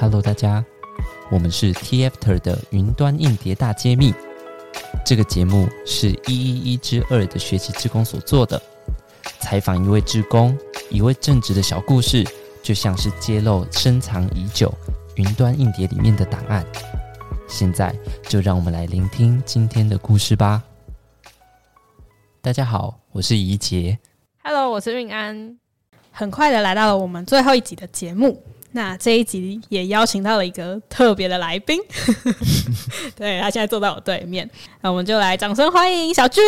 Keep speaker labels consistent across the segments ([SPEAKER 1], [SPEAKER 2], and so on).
[SPEAKER 1] Hello，大家，我們是 TFTer 的雲端硬碟大揭密。這個節目是一一一之二的學習志工所做的採訪，採訪一位志工，一位正直的小故事，就像是揭露深藏已久雲端硬碟裡面的檔案。現在就讓我們來聆聽今天的故事吧。大家好，我是怡杰。
[SPEAKER 2] Hello，我是運安。很快的來到了我們最後一集的節目。那這一集也邀請到了一個特別的來賓， 對他現在坐在我對面，那我們就來掌聲歡迎小巨，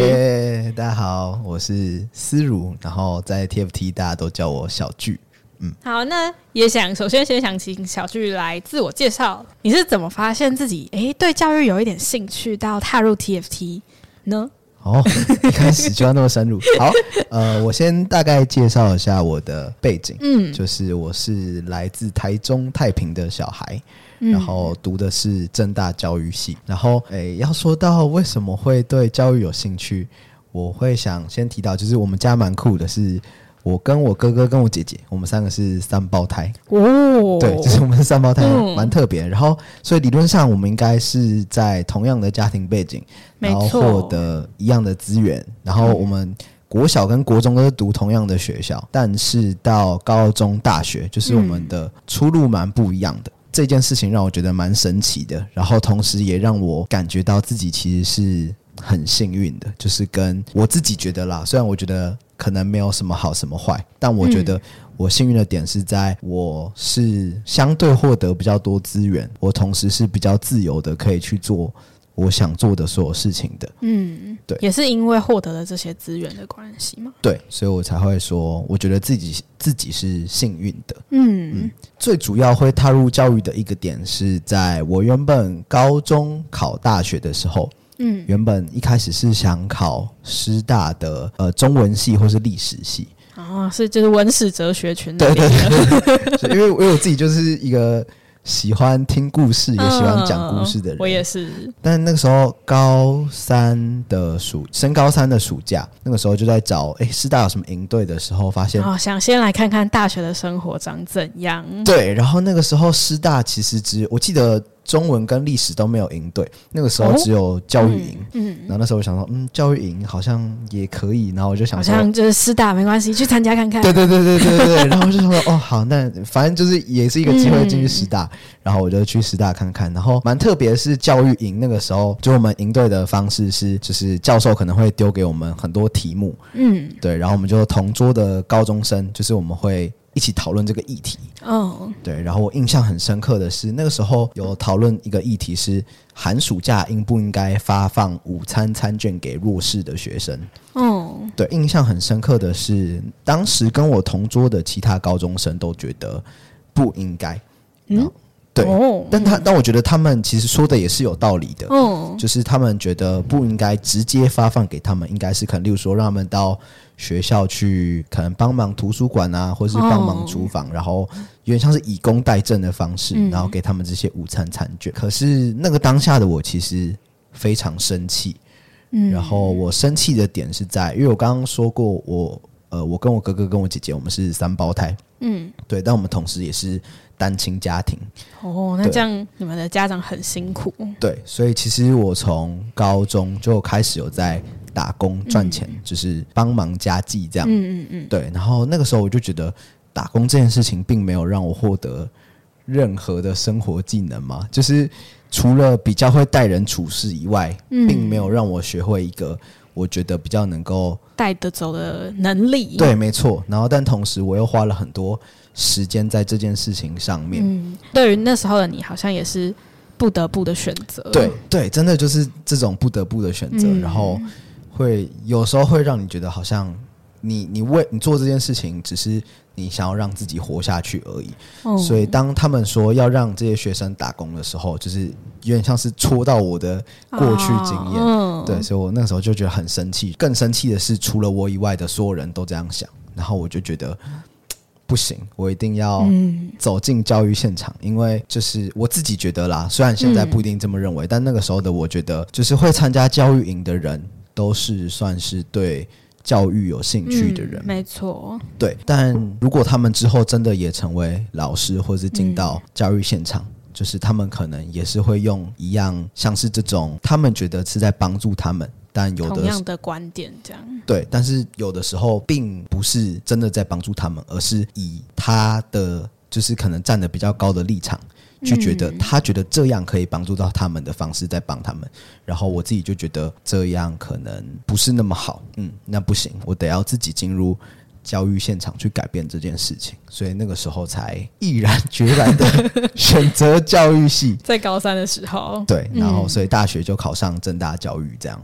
[SPEAKER 2] 欸。
[SPEAKER 3] 大家好，我是思儒，然後在 TFT 大家都叫我小巨。
[SPEAKER 2] 嗯，好，那也想首先先想請小巨來自我介紹，你是怎麼發現自己哎、欸、對教育有一點興趣，到踏入 TFT 呢？
[SPEAKER 3] 哦，一開始就要那麼深入。 好，呃，我先大概介紹一下我的背景，嗯，就是我是來自台中太平的小孩，嗯、然後讀的是政大教育系。然後，誒，要說到為什麼會對教育有興趣，我會想先提到，就是我們家蠻酷的，是。我跟我哥哥跟我姐姐，我們三個是三胞胎哦。Oh. 對，就是我們是三胞胎，嗯，蠻特別。然後，所以理論上我們應該是在同樣的家庭背景，沒錯。然後獲得一樣的資源。然後我們國小跟國中都是讀同樣的學校，嗯、但是到高中大學，就是我們的出路蠻不一樣的。嗯、這件事情讓我覺得蠻神奇的，然後同時也讓我感覺到自己其實是。很幸運的，就是跟我自己覺得啦。雖然我覺得可能沒有什麼好什麼壞，但我覺得我幸運的點是在我是相對獲得比較多資源，我同時是比較自由的，可以去做我想做的所有事情的。嗯，對，也是
[SPEAKER 2] 因為獲得了這些資源的關係
[SPEAKER 3] 嘛。對，所以我才會說，我覺得自己自己是幸運的。嗯，嗯，最主要會踏入教育的一個點是在我原本高中考大學的時候。嗯，原本一開始是想考師大的呃，中文系或是歷史系
[SPEAKER 2] 啊，是就是文史哲學群，對，
[SPEAKER 3] 因為我有自己就是一個喜歡聽故事、嗯、也喜歡講故事的人，我也是。但那個時候高三的暑，升高三的暑假，那個時候就在找誒師大有什麼營隊的時候，發現哦
[SPEAKER 2] 想先來看看大學的生活長怎樣。對，
[SPEAKER 3] 然後那個時候師大其實只有我記得。中文跟歷史都沒有營隊，那個時候只有教育營，哦。嗯，嗯，然後那時候我想說，嗯，教育營好像也可以，然後我就想說，好像
[SPEAKER 2] 就是師大沒關係，去參加看看。對，對對對對對對。
[SPEAKER 3] 然後我就想說，哦，好，那反正就是也是一個機會進去師大，嗯，然後我就去師大看看。然後蠻特別的是教育營，那個時候就我們營隊的方式是，就是教授可能會丟給我們很多題目，嗯，對，然後我們就同桌的高中生，就是我們會。一起討論這個議題。嗯，oh. 對，然後我印象很深刻的是，那個時候有討論一個議題是寒暑假應不應該發放午餐餐券給弱勢的學生。哦，oh. 對，印象很深刻的是，當時跟我同桌的其他高中生都覺得不應該。嗯，對，oh. 但他但我覺得他們其實說的也是有道理的。嗯，oh. 就是他們覺得不應該直接發放給他們，應該是可能，例如說讓他們到。學校去可能幫忙圖書館啊，或是幫忙廚房，哦、然後有點像是以工代賑的方式，嗯、然後給他們這些午餐餐券。可是那個當下的我其實非常生氣，嗯，然後我生氣的點是在，因為我剛剛說過我，我呃，我跟我哥哥跟我姐姐，我們是三胞胎，嗯，對，但我們同時也是單親家庭。
[SPEAKER 2] 哦，那這樣對你們的家長很辛苦。
[SPEAKER 3] 對，所以其實我從高中就開始有在。打工賺錢，嗯、就是幫忙家計這樣。嗯嗯嗯，嗯嗯對。然後那個時候我就覺得，打工這件事情並沒有讓我獲得任何的生活技能嘛，就是除了比較會待人處事以外，嗯、並沒有讓我學會一個我覺得比較能夠
[SPEAKER 2] 帶得走的能力。對，沒
[SPEAKER 3] 錯。然後，但同時我又花了很多時間在這件事情上面。
[SPEAKER 2] 嗯、對於那時候的你，好像也是不得不的選擇。對
[SPEAKER 3] 對，真的就是這種不得不的選擇。嗯、然後。會有時候會讓你覺得好像你你為你做這件事情只是你想要讓自己活下去而已，哦、所以當他們說要讓這些學生打工的時候，就是有點像是戳到我的過去經驗，哦、對，所以我那個時候就覺得很生氣。更生氣的是，除了我以外的所有人都這樣想，然後我就覺得不行，我一定要走進教育現場，嗯、因為就是我自己覺得啦，雖然現在不一定這麼認為，嗯、但那個時候的我覺得，就是會參加教育營的人，都是算是對教育有興趣的人，嗯、
[SPEAKER 2] 沒錯。
[SPEAKER 3] 對，但如果他們之後真的也成為老師，或是進到教育現場，嗯、就是他們可能也是會用一樣，像是這種，他們覺得是在幫助他們，但有的是同樣
[SPEAKER 2] 的觀點這樣。對，
[SPEAKER 3] 但是有的時候並不是真的在幫助他們，而是以他的就是可能站得比較高的立場。就覺得他覺得這樣可以幫助到他們的方式在幫他們，然後我自己就覺得這樣可能不是那麼好，嗯，那不行，我得要自己進入教育現場去改變這件事情，所以那個時候才毅然決然的選擇教育系，
[SPEAKER 2] 在高三的時候，對，然後
[SPEAKER 3] 所以大學就考上政大教育這樣、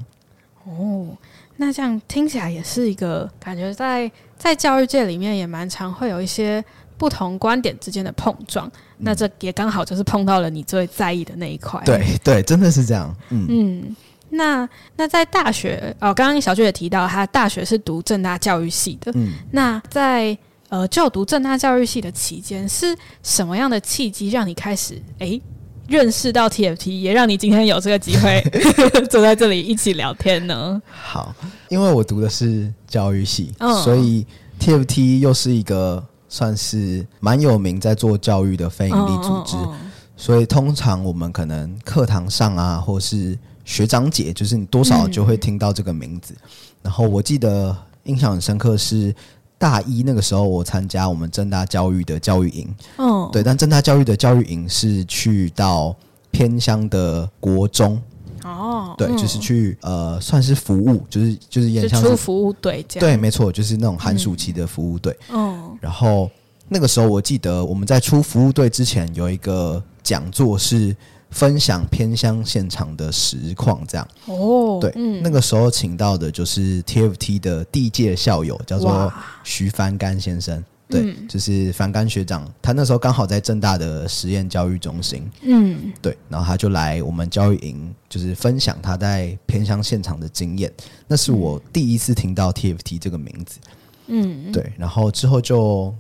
[SPEAKER 2] 嗯。哦，那這樣聽起來也是一個感覺在在教育界裡面也蠻常會有一些不同觀點之間的碰撞。那這也剛好就是碰到了你最在意的那一塊。對
[SPEAKER 3] 對，真的是這樣。嗯
[SPEAKER 2] 嗯，那那在大學哦，剛剛小巨也提到，他大學是讀政大教育系的。嗯，那在呃就讀政大教育系的期間，是什麼樣的契機讓你開始哎認識到 TFT，也讓你今天有這個機會 坐在這裡一起聊天呢？
[SPEAKER 3] 好，因為我讀的是教育系，嗯。所以 TFT 又是一個。算是蠻有名，在做教育的非營利組織，oh, oh, oh. 所以通常我們可能課堂上啊，或是學長姐，就是你多少就會聽到這個名字。嗯、然後我記得印象很深刻是大一那個時候，我參加我們政大教育的教育營，嗯，oh. 對，但政大教育的教育營是去到偏鄉的國中。哦，對，就是去、嗯、呃，算是服務，就是就是演出
[SPEAKER 2] 服務隊這樣，對，沒
[SPEAKER 3] 錯，就是那種寒暑期的服務隊。哦、嗯，然後那個時候我記得我們在出服務隊之前有一個講座，是分享偏鄉現場的實況這樣。哦，對，嗯、那個時候請到的就是 TFT 的第一屆校友，叫做徐帆干先生。對，就是樊干學長，他那時候剛好在政大的實驗教育中心，嗯，對，然後他就來我們教育營，就是分享他在偏鄉現場的經驗。那是我第一次聽到 TFT 這個名字，嗯，對，然後之後就。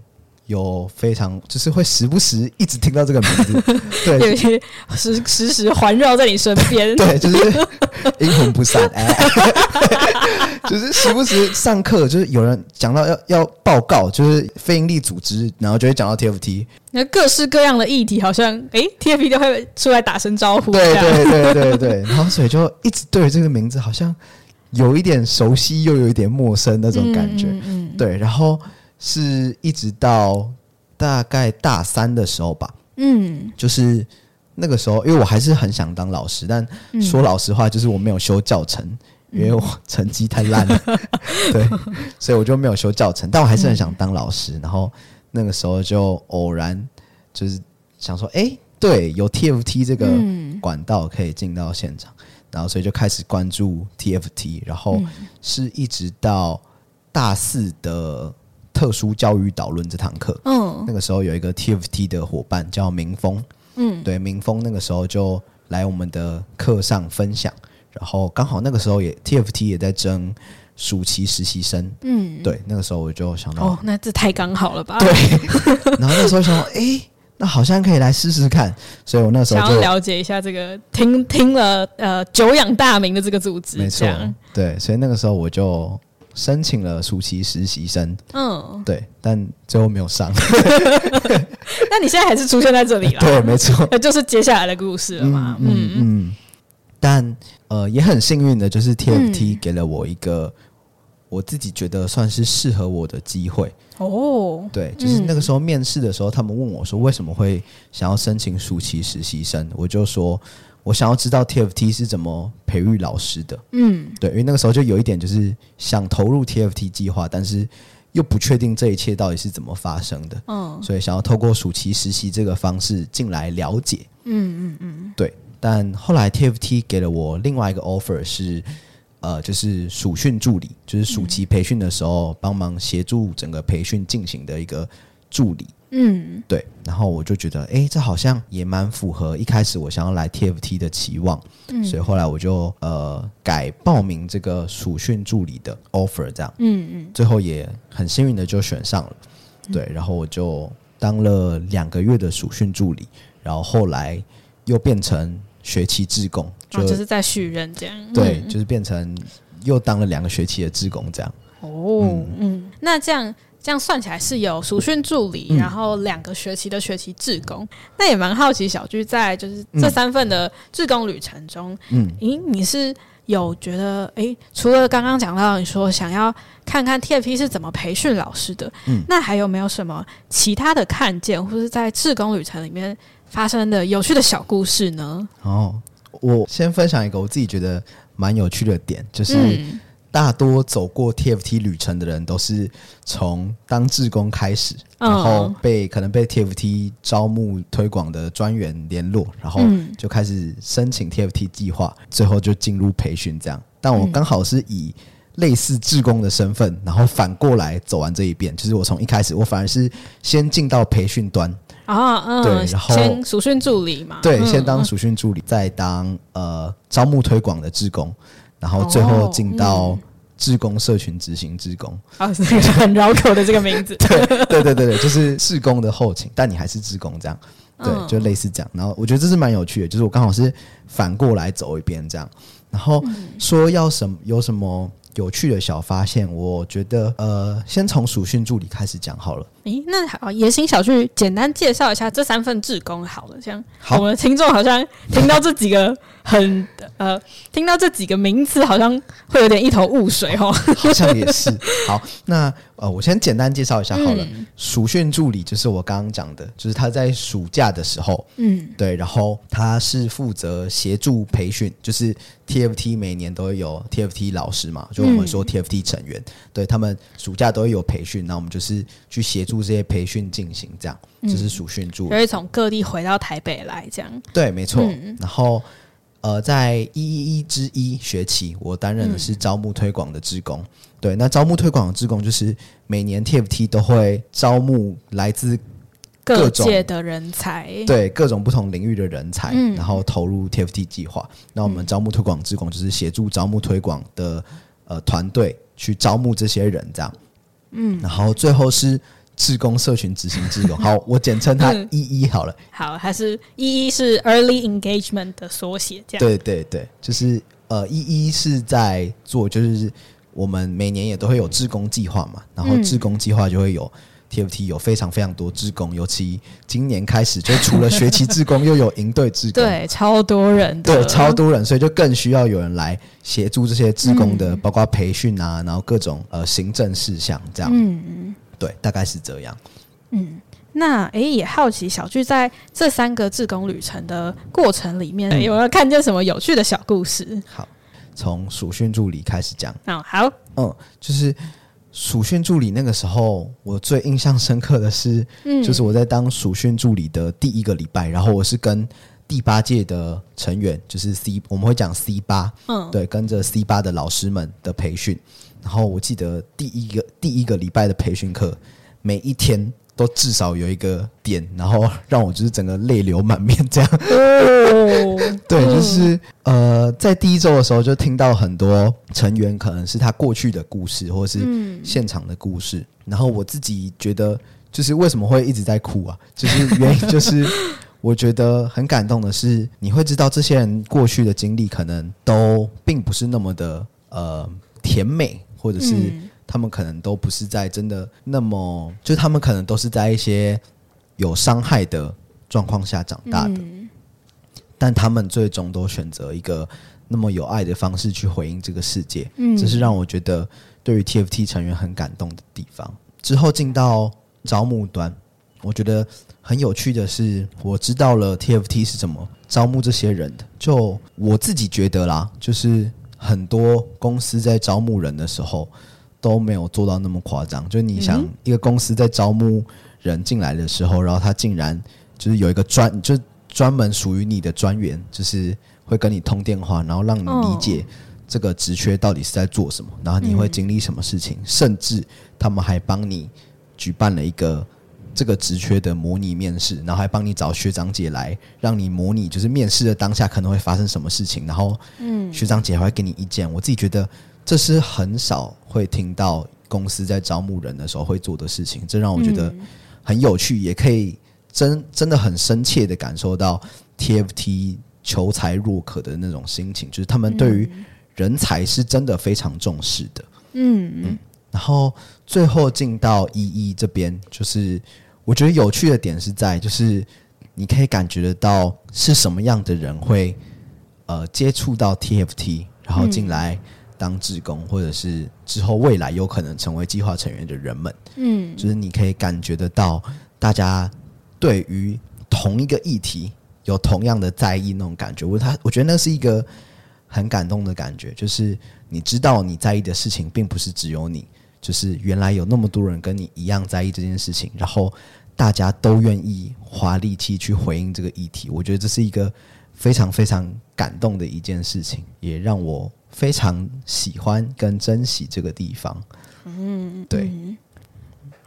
[SPEAKER 3] 有非常就是會時不時一直聽到這個名字，對， 有
[SPEAKER 2] 些時時時環繞在你身邊， 對，就是
[SPEAKER 3] 陰魂不散，哎，哎， 就是時不時上課，就是有人講到要要報告，就是非營利組織，然後就會講到 TFT，
[SPEAKER 2] 那各式各樣的議題，好像哎、欸、TFT 都會出來打聲招呼， 對，對對對對
[SPEAKER 3] 對，然後所以就一直對這個名字好像有一點熟悉又有一點陌生那種感覺，嗯嗯嗯對，然後。是一直到大概大三的時候吧，嗯，就是那個時候，因為我還是很想當老師，但說老實話，就是我沒有修教程，嗯、因為我成績太爛了， 對，所以我就沒有修教程，但我還是很想當老師。嗯、然後那個時候就偶然就是想說，哎、欸，對，有 TFT 這個管道可以進到現場，嗯、然後所以就開始關注 TFT，然後是一直到大四的。特殊教育導論這堂課，嗯、哦，那個時候有一個 TFT 的夥伴叫明峰，嗯，對，明峰那個時候就來我們的課上分享，然後剛好那個時候也、嗯、TFT 也在徵暑期實習生，嗯，對，那個時候我就想到，
[SPEAKER 2] 哦，那這太剛好了吧？對，然
[SPEAKER 3] 後那時候想說，哎、 欸，那好像可以來試試看，所以我那時候就想要了
[SPEAKER 2] 解一下這個，聽聽了呃，久仰大名的這個組織，沒錯，
[SPEAKER 3] 對，所以那個時候我就。申請了暑期實習生，嗯
[SPEAKER 2] ，oh. 對，
[SPEAKER 3] 但最後沒有上。
[SPEAKER 2] 那你現在還是出現在這裡了， 對，沒錯，那 就是接下來的故事了嘛，嗯嗯。嗯
[SPEAKER 3] 嗯嗯，但呃，也很幸運的就是 TFT、嗯、給了我一個我自己覺得算是適合我的機會哦。Oh. 對，就是那個時候面試的時候，嗯、他們問我說為什麼會想要申請暑期實習生，我就說。我想要知道 TFT 是怎麼培育老師的，嗯，對，因為那個時候就有一點就是想投入 TFT 計劃，但是又不確定這一切到底是怎麼發生的，嗯、哦，所以想要透過暑期實習這個方式進來了解，嗯嗯嗯，對。但後來 TFT 給了我另外一個 offer，是呃，就是暑訓助理，就是暑期培訓的時候幫忙協助整個培訓進行的一個助理。嗯，對，然後我就覺得，哎，這好像也蠻符合一開始我想要來 TFT 的期望，嗯、所以後來我就呃改報名這個暑訓助理的 offer，這樣，嗯嗯，嗯，最後也很幸運的就選上了，對，然後我就當了兩個月的暑訓助理，然後後來又變成學期志工、啊，就是
[SPEAKER 2] 在續任這樣，嗯、對，就是
[SPEAKER 3] 變成又當了兩個學期的志工這樣，
[SPEAKER 2] 哦，嗯，嗯，那這樣。這樣算起來是有暑訓助理，嗯、然後兩個學期的學期志工。那、嗯、也蠻好奇小巨在就是這三份的志工旅程中，嗯，誒，你是有覺得誒，除了剛剛講到你說想要看看 TFT 是怎麼培訓老師的，嗯，那還有沒有什麼其他的看見，或是在志工旅程裡面發生的有趣的小故事呢？
[SPEAKER 3] 哦，我先分享一個我自己覺得蠻有趣的點，就是、嗯。大多走過 TFT 旅程的人都是從當志工開始，oh. 然後被可能被 TFT 招募推廣的專員聯絡，然後就開始申請 TFT 計劃，嗯、最後就進入培訓這樣。但我剛好是以類似志工的身份，嗯、然後反過來走完這一遍，就是我從一開始我反而是先進到培訓端
[SPEAKER 2] 啊，嗯，oh, uh, 對，然後先暑訓助理嘛，對，先當暑
[SPEAKER 3] 訓助理，嗯、再當呃招募推廣的志工。然後最後進到志工社群執行志工、哦，啊、嗯，是個很繞口
[SPEAKER 2] 的這個名字。
[SPEAKER 3] 對對對對對，就是志工的後勤，但你還是志工這樣，對，就類似這樣。然後我覺得這是蠻有趣的，就是我剛好是反過來走一遍這樣。然後說要什麼有什麼有趣的小發現，我覺得呃，先從暑訓助理開始講好了。
[SPEAKER 2] 哎，那好，也請小巨簡單介紹一下這三份志工好了，這樣。
[SPEAKER 3] 好，我們的聽眾好像聽到這幾個很好
[SPEAKER 2] 呃，聽到這幾個名字好像會有點一頭霧水哦。好像也是。
[SPEAKER 3] 好，那呃，我先簡單介紹一下好了。暑訓、嗯、助理就是我剛剛講的，就是他在暑假的時候，嗯，對，然後他是負責協助培訓，就是 TFT 每年都會有 TFT 老師嘛，就我們說 TFT 成員，嗯、對他們暑假都會有培訓，那我們就是去協助。做這些培訓進行，這樣、嗯、就是暑訓助，就以從
[SPEAKER 2] 各地回到台北來，這樣對，沒錯。嗯、然
[SPEAKER 3] 後呃，在一一一之一學期，我擔任的是招募推廣的志工。嗯、對，那招募推廣的志工就是每年 TFT 都會招募來自各種各
[SPEAKER 2] 界的人
[SPEAKER 1] 才，對
[SPEAKER 3] 各種不同領域的人才，嗯、然後投入 TFT 計劃。嗯、那我們招募推廣志工就是協助招募推廣的呃團隊去招募這些人，這樣嗯，然後最後是。志工社群執行志工，好，我簡稱他 EE 好了、嗯。
[SPEAKER 2] 好，還是 EE 是 early engagement 的縮寫，這樣。對
[SPEAKER 3] 對對，就是呃，EE 是在做，就是我們每年也都會有志工計劃嘛，然後志工計劃就會有、嗯、TFT 有非常非常多志工，尤其今年開始，就除了學期志工，又有營隊志工， 對，
[SPEAKER 2] 超多人，對，超多
[SPEAKER 3] 人，所以就更需要有人來協助這些志工的，嗯、包括培訓啊，然後各種呃行政事項這樣。嗯嗯。對，大概是這樣。
[SPEAKER 2] 嗯，那哎、欸，也好奇小巨在這三個志工旅程的過程裡面，你有沒有看見什麼有趣的小故事？嗯、好，
[SPEAKER 3] 從暑訓助理開始講。嗯、哦，好，嗯，就是暑訓助理那個時候，我最印象深刻的是，嗯、就是我在當暑訓助理的第一個禮拜，然後我是跟第八屆的成員，就是 C，我們會講 C 八，嗯，對，跟着 C 八的老師們的培訓。然後我記得第一個第一個禮拜的培訓課，每一天都至少有一個點，然後讓我就是整個淚流滿面這樣。哦哦、
[SPEAKER 1] 對，就是
[SPEAKER 3] 呃，在第一周的時候就聽到很多成員可能是他過去的故事，或是現場的故事。嗯、然後我自己覺得就是為什麼會一直在哭啊？就是原因就是我覺得很感動的是，你會知道這些人過去的經歷可能都並不是那麼的呃甜美。或者是他們可能都不是在真的那麼，就他們可能都是在一些有傷害的狀況下長大的，但他們最終都選擇一個那麼有愛的方式去回應這個世界，這是讓我覺得對於 TFT 成員很感動的地方。之後進到招募端，我覺得很有趣的是，我知道了 TFT 是怎麼招募這些人的。就我自己覺得啦，就是。很多公司在招募人的時候都沒有做到那麼誇張。就你想一個公司在招募人進來的時候，嗯、然後他竟然就是有一個專，就專門屬於你的專員，就是會跟你通電話，然後讓你理解這個職缺到底是在做什麼，哦、然後你會經歷什麼事情，嗯、甚至他們還幫你舉辦了一個。這個職缺的模擬面試，嗯、然後還幫你找學長姐來，讓你模擬就是面試的當下可能會發生什麼事情，然後嗯，學長姐還會給你意見。我自己覺得這是很少會聽到公司在招募人的時候會做的事情，這讓我覺得很有趣，嗯、也可以真真的很深切的感受到 TFT 求才若渴的那種心情，就是他們對於人才是真的非常重視的。嗯嗯。嗯然後最後進到一一這邊，就是我覺得有趣的點是在，就是你可以感覺得到是什麼樣的人會呃接觸到 TFT，然後進來當志工，或者是之後未來有可能成為計劃成員的人們，嗯，就是你可以感覺得到大家對於同一個議題有同樣的在意那種感覺，我他我覺得那是一個很感動的感覺，就是你知道你在意的事情，並不是只有你。就是原來有那麼多人跟你一樣在意這件事情，然後大家都願意花力氣去回應這個議題，我覺得這是一個非常非常感動的一件事情，也讓我非常喜歡跟珍惜這個地方。嗯，嗯對。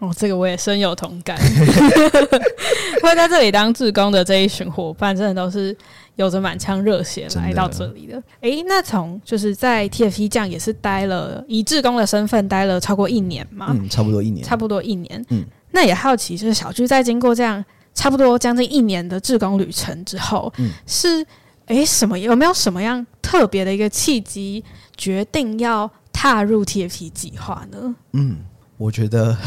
[SPEAKER 2] 哦，這個我也深有同感。 會在這裡當志工的這一群夥伴，真的都是有着滿腔熱血來到這裡的。哎的、欸，那從就是在 TFT 這樣也是待了以志工的身份待了超過一年嘛？嗯，
[SPEAKER 3] 差不多一年。差
[SPEAKER 2] 不多一年。嗯，那也好奇，就是小巨在經過這樣差不多將近一年的志工旅程之後，嗯，是哎、欸、什麼有沒有什麼樣特別的一個契機，決定要踏入 TFT 計劃呢？嗯，
[SPEAKER 3] 我覺得。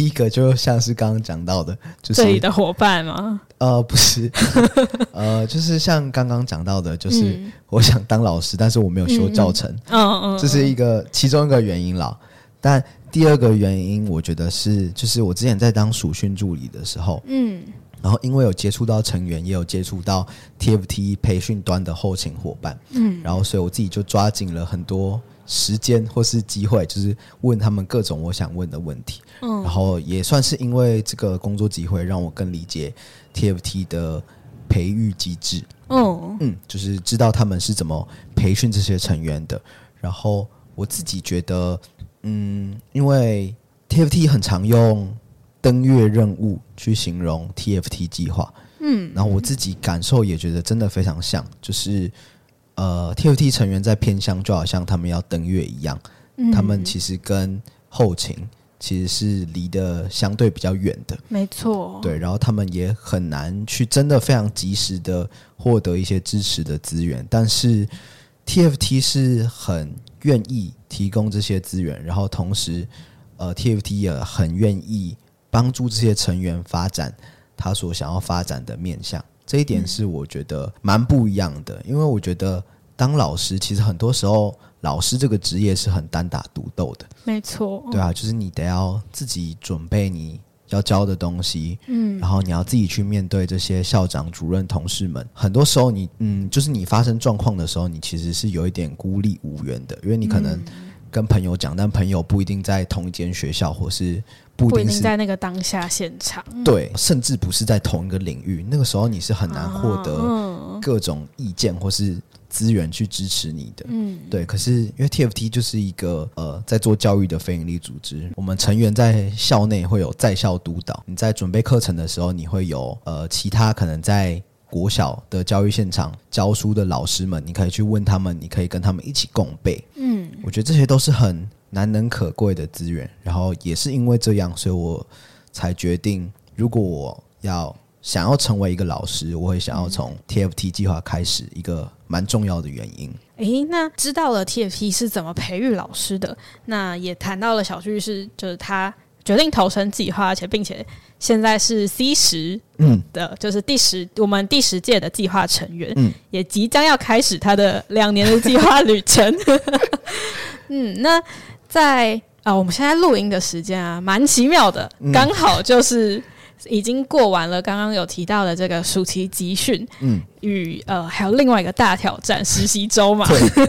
[SPEAKER 3] 第一個就像是剛剛講到的，就是自己的夥伴嗎？呃，不是， 呃，就是像剛剛講到的，就是我想當老師，嗯、但是我沒有修教程，嗯嗯，這、哦、是一個其中一個原因啦。但第二個原因，我覺得是，就是我之前在當暑訓助理的時候，嗯，然後因為有接觸到成員，也有接觸到 TFT 培訓端的後勤夥伴，嗯，然後所以我自己就抓緊了很多。時間或是機會，就是問他們各種我想問的問題，嗯、哦，然後也算是因為這個工作機會，讓我更理解 TFT 的培育機制，嗯、哦、嗯，就是知道他們是怎麼培訓這些成員的。嗯、然後我自己覺得，嗯，因為 TFT 很常用“登月任務”去形容 TFT 計劃，嗯，然後我自己感受也覺得真的非常像，就是。呃，TFT 成員在偏鄉就好像他們要登月一樣，嗯，他們其實跟後勤其實是離得相對比較遠的，
[SPEAKER 2] 沒錯。對，
[SPEAKER 3] 然後他們也很難去真的非常及時的獲得一些支持的資源，但是 TFT 是很願意提供這些資源，然後同時，呃，TFT 也很願意幫助這些成員發展他所想要發展的面向。這一點是我覺得蠻不一樣的，因為我覺得。當老師，其實很多時候，老師這個職業是很單打獨鬥的。
[SPEAKER 2] 沒錯，對啊，就
[SPEAKER 3] 是你得要自己準備你要教的東西，嗯，然後你要自己去面對這些校長、主任、同事們。很多時候你，你嗯，就是你發生狀況的時候，你其實是有一點孤立無援的，因為你可能跟朋友講，嗯、但朋友不一定在同一間學校，或是，不一，是不一定在那
[SPEAKER 2] 個當下現場，對，
[SPEAKER 3] 甚至不是在同一個領域。那個時候，你是很難獲得各種意見，啊嗯、或是。資源去支持你的，嗯，對。可是因為 TFT 就是一個呃，在做教育的非盈利組織，我們成員在校內會有在校督導。你在準備課程的時候，你會有呃，其他可能在國小的教育現場教書的老師們，你可以去問他們，你可以跟他們一起共備。嗯，我覺得這些都是很難能可貴的資源。然後也是因為這樣，所以我才決定，如果我要。想要成為一個老師，我會想要從 TFT 計劃開始，嗯、一個蠻重要的原因。
[SPEAKER 2] 誒、欸，那知道了 TFT 是怎麼培育老師的，那也談到了小巨是就是他決定投身計劃，而且並且現在是 C 十，嗯，的就是第十我們第十屆的計劃成員，嗯，也即將要開始他的兩年的計劃旅程。 嗯，那在啊、哦，我們現在錄音的時間啊，蠻奇妙的，剛、嗯、好就是。已經過完了，剛剛有提到的這個暑期集訓，嗯，與呃還有另外一個大挑戰實習周嘛，對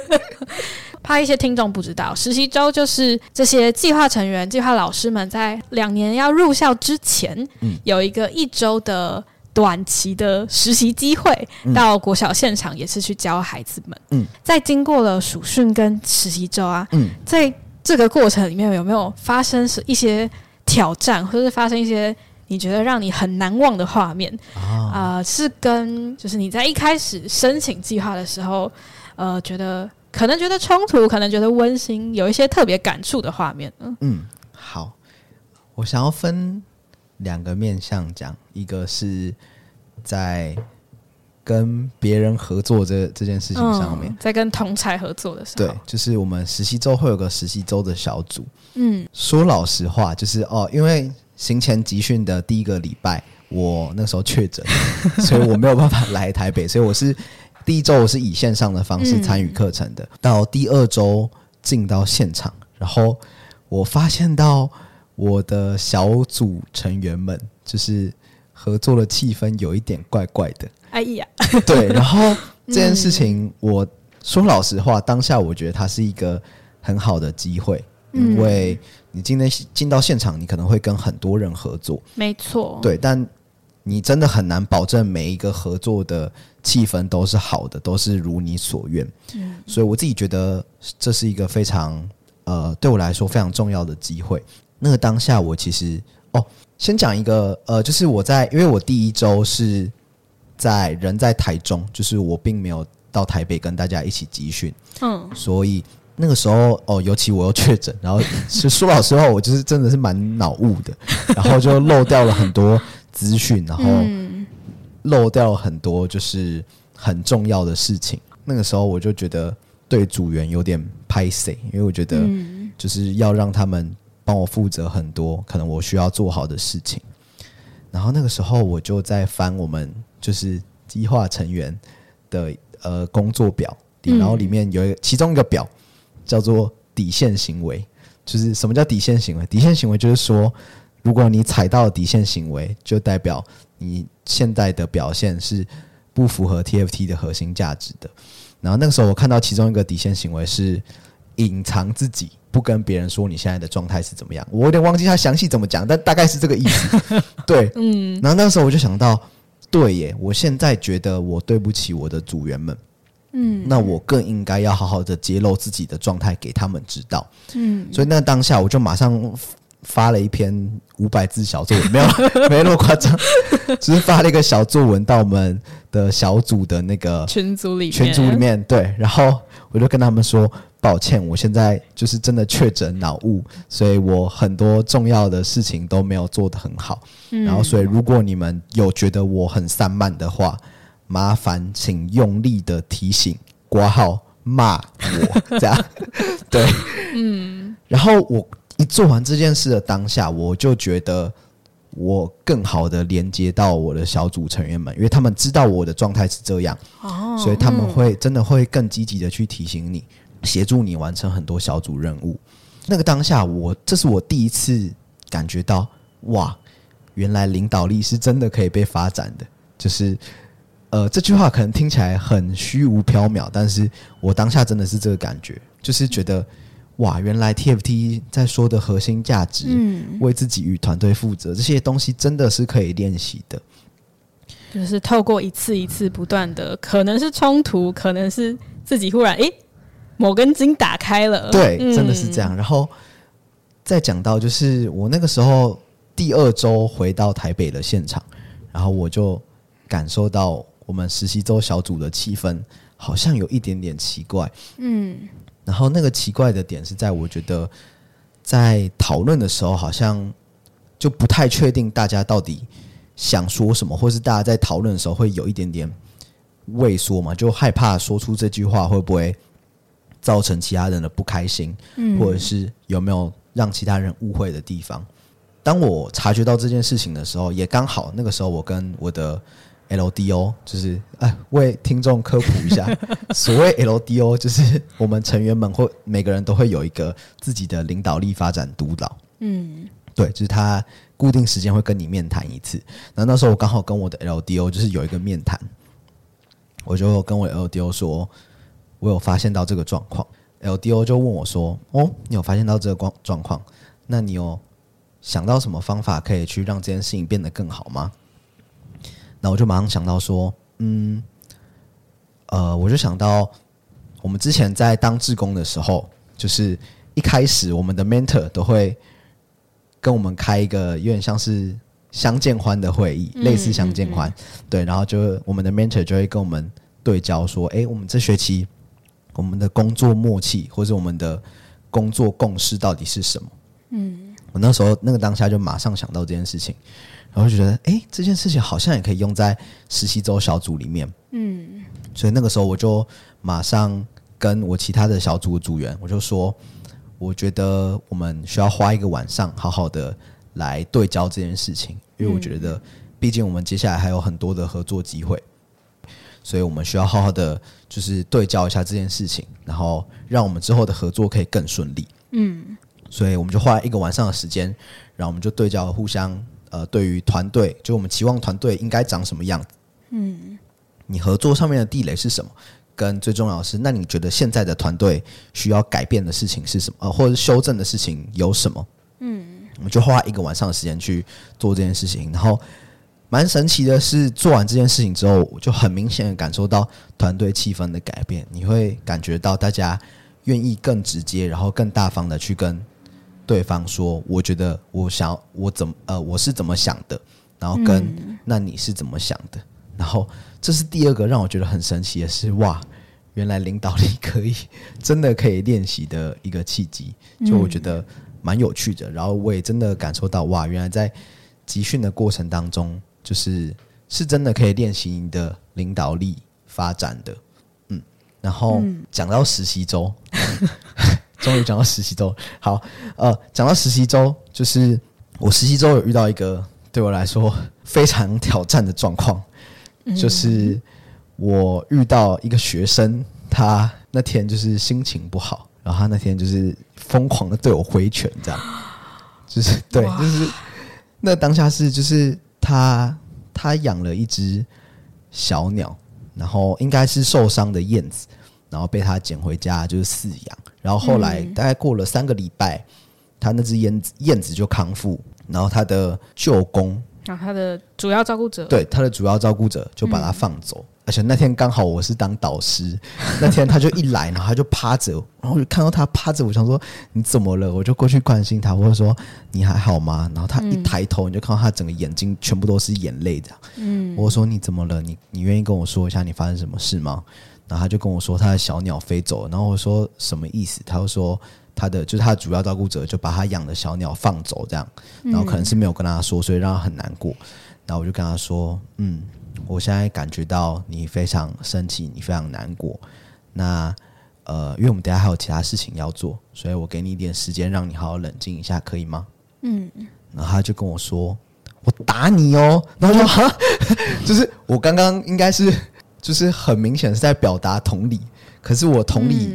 [SPEAKER 2] 怕一些聽眾不知道，實習周就是這些計劃成員、計劃老師們在兩年要入校之前，嗯、有一個一周的短期的實習機會，嗯、到國小現場也是去教孩子們。嗯，在經過了暑訓跟實習周啊，嗯，在這個過程裡面有沒有發生一些挑戰，或是發生一些？你覺得讓你很難忘的畫面啊，oh. 呃，是跟就是你在一開始申請計劃的時候，呃，覺得可能覺得衝突，可能覺得溫馨，有一些特別感觸的畫面。
[SPEAKER 3] 嗯，好，我想要分兩個面向講，一個是在跟別人合作這這件事情上面，嗯，
[SPEAKER 2] 在跟同才合作的
[SPEAKER 3] 時候，對，就是我們實習周會有個實習周的小組。嗯，說老實話，就是哦，因為。行前集訓的第一個禮拜，我那時候確診，所以我沒有辦法來台北， 所以我是第一周我是以線上的方式參與課程的，嗯、到第二周進到現場，然後我發現到我的小組成員們就是合作的氣氛有一點怪怪的，
[SPEAKER 2] 哎呀，
[SPEAKER 3] 對，然後這件事情我，我說老實話，當下我覺得它是一個很好的機會。因為你今天進到現場，你可能會跟很多人合作，
[SPEAKER 2] 沒錯，對，
[SPEAKER 3] 但你真的很難保證每一個合作的氣氛都是好的，都是如你所願。嗯，所以我自己覺得這是一個非常呃對我來說非常重要的機會。那個當下我其實哦，先講一個呃，就是我在因為我第一周是在人在台中，就是我並沒有到台北跟大家一起集訓，嗯，所以。那個時候，哦，尤其我又確診，然後說老實話， 我就是真的是蠻腦霧的，然後就漏掉了很多資訊，然後漏掉了很多就是很重要的事情。嗯、那個時候，我就覺得對組員有點歹勢，因為我覺得就是要讓他們幫我負責很多可能我需要做好的事情。然後那個時候，我就在翻我們就是計劃成員的呃工作表，嗯、然後裡面有一個其中一個表。叫做底線行為，就是什麼叫底線行為？底線行為就是說，如果你踩到底線行為，就代表你現在的表現是不符合 TFT 的核心價值的。然後那個時候，我看到其中一個底線行為是隱藏自己，不跟別人說你現在的狀態是怎麼樣。我有點忘記他詳細怎麼講，但大概是這個意思。 對，嗯。然後那個時候我就想到，對耶，我現在覺得我對不起我的組員們。嗯，那我更應該要好好的揭露自己的狀態給他們知道。嗯，所以那當下我就馬上發了一篇五百字小作文， 沒有，沒那麼誇張，只是發了一個小作文到我們的小組的那個群
[SPEAKER 2] 組裡面，群組裡面。
[SPEAKER 3] 對，然後我就跟他們說，抱歉，我現在就是真的確診腦霧，所以我很多重要的事情都沒有做得很好。嗯，然後，所以如果你們有覺得我很散漫的話，麻煩，請用力的提醒，括號罵我 這樣，對，嗯。然後我一做完這件事的當下，我就覺得我更好的連接到我的小組成員們，因為他們知道我的狀態是這樣，哦、所以他們會真的會更積極的去提醒你，嗯、協助你完成很多小組任務。那個當下我，我這是我第一次感覺到，哇，原來領導力是真的可以被發展的，就是。呃，這句話可能聽起來很虛無縹緲，但是我當下真的是這個感覺，就是覺得，嗯、哇，原來 TFT 在說的核心價值，為自己與團隊負責，嗯、這些東西真的是可以練習的，
[SPEAKER 2] 就是透過一次一次不斷的，嗯、可能是衝突，可能是自己忽然哎，某根筋打開了，對，嗯、真的是這樣。
[SPEAKER 3] 然後，再講到就是我那個時候第二周回到台北的現場，然後我就感受到。我們實習周小組的氣氛好像有一點點奇怪，嗯，然後那個奇怪的點是在我覺得在討論的時候，好像就不太確定大家到底想說什麼，或是大家在討論的時候會有一點點畏縮嘛，就害怕說出這句話會不會造成其他人的不開心，嗯、或者是有沒有讓其他人誤會的地方。當我察覺到這件事情的時候，也剛好那個時候我跟我的。LDO 就是，哎，為聽眾科普一下， 所謂 LDO 就是我們成員們會每個人都會有一個自己的領導力發展督導。嗯，對，就是他固定時間會跟你面談一次。那那時候我剛好跟我的 LDO 就是有一個面談，我就跟我 LDO 說，我有發現到這個狀況。LDO 就問我說：“哦，你有發現到這個狀狀況？那你有想到什麼方法可以去讓這件事情變得更好嗎？”那我就馬上想到說，嗯，呃，我就想到我們之前在當志工的時候，就是一開始我們的 mentor 都會跟我們開一個有點像是相見歡的會議，嗯、類似相見歡，嗯嗯、對，然後就我們的 mentor 就會跟我們對焦說，哎，我們這學期我們的工作默契或者我們的工作共識到底是什麼？嗯。我那時候那個當下就馬上想到這件事情，然後就覺得，哎、欸，這件事情好像也可以用在實習週小組裡面。嗯，所以那個時候我就馬上跟我其他的小組的組員，我就說，我覺得我們需要花一個晚上好好的來對焦這件事情，嗯、因為我覺得，畢竟我們接下來還有很多的合作機會，所以我們需要好好的就是對焦一下這件事情，然後讓我們之後的合作可以更順利。嗯。所以我們就花一個晚上的時間，然後我們就對焦互相呃，對於團隊，就我們期望團隊應該長什麼樣子？嗯，你合作上面的地雷是什麼？跟最重要的是，那你覺得現在的團隊需要改變的事情是什麼？呃，或者修正的事情有什麼？嗯，我們就花一個晚上的時間去做這件事情。然後，蠻神奇的是，做完這件事情之後，我就很明顯的感受到團隊氣氛的改變。你會感覺到大家願意更直接，然後更大方的去跟。對方說：“我覺得我想要我怎麼呃，我是怎麼想的，然後跟、嗯、那你是怎麼想的？然後這是第二個讓我覺得很神奇的是，哇，原來領導力可以真的可以練習的一個契機，就我覺得蠻有趣的。然後我也真的感受到，哇，原來在集訓的過程當中，就是是真的可以練習你的領導力發展的。嗯，然後講到實習週。嗯” 終於講到實習周，好，呃，講到實習周，就是我實習周有遇到一個對我來說非常挑戰的狀況，嗯、就是我遇到一個學生，他那天就是心情不好，然後他那天就是瘋狂的對我揮拳，這樣，就是對，就是那當下是就是他他養了一隻小鳥，然後應該是受傷的燕子。然後被他撿回家就是飼養，然後後來大概過了三個禮拜，嗯、他那隻燕子燕子就康復，然後他的舅公，然後、
[SPEAKER 2] 啊、他的主要照顧者，對
[SPEAKER 3] 他的主要照顧者就把他放走，嗯、而且那天剛好我是當導師，那天他就一來，然後他就趴着， 然後我就看到他趴着，我想說你怎麼了，我就過去關心他，我就說你還好嗎？然後他一抬頭，嗯、你就看到他整個眼睛全部都是眼淚這樣，嗯，我說你怎麼了？你你願意跟我說一下你發生什麼事嗎？然後他就跟我說他的小鳥飛走了，然後我說什麼意思？他就說他的就是他的主要照顧者就把他養的小鳥放走這樣，嗯、然後可能是沒有跟他說，所以讓他很難過。然後我就跟他說：“嗯，我現在感覺到你非常生氣，你非常難過。那呃，因為我們等下還有其他事情要做，所以我給你一點時間，讓你好好冷靜一下，可以嗎？”嗯，然後他就跟我說：“我打你哦！”然後我說：“哈， 就是我剛剛應該是。”就是很明顯是在表達同理，可是我同理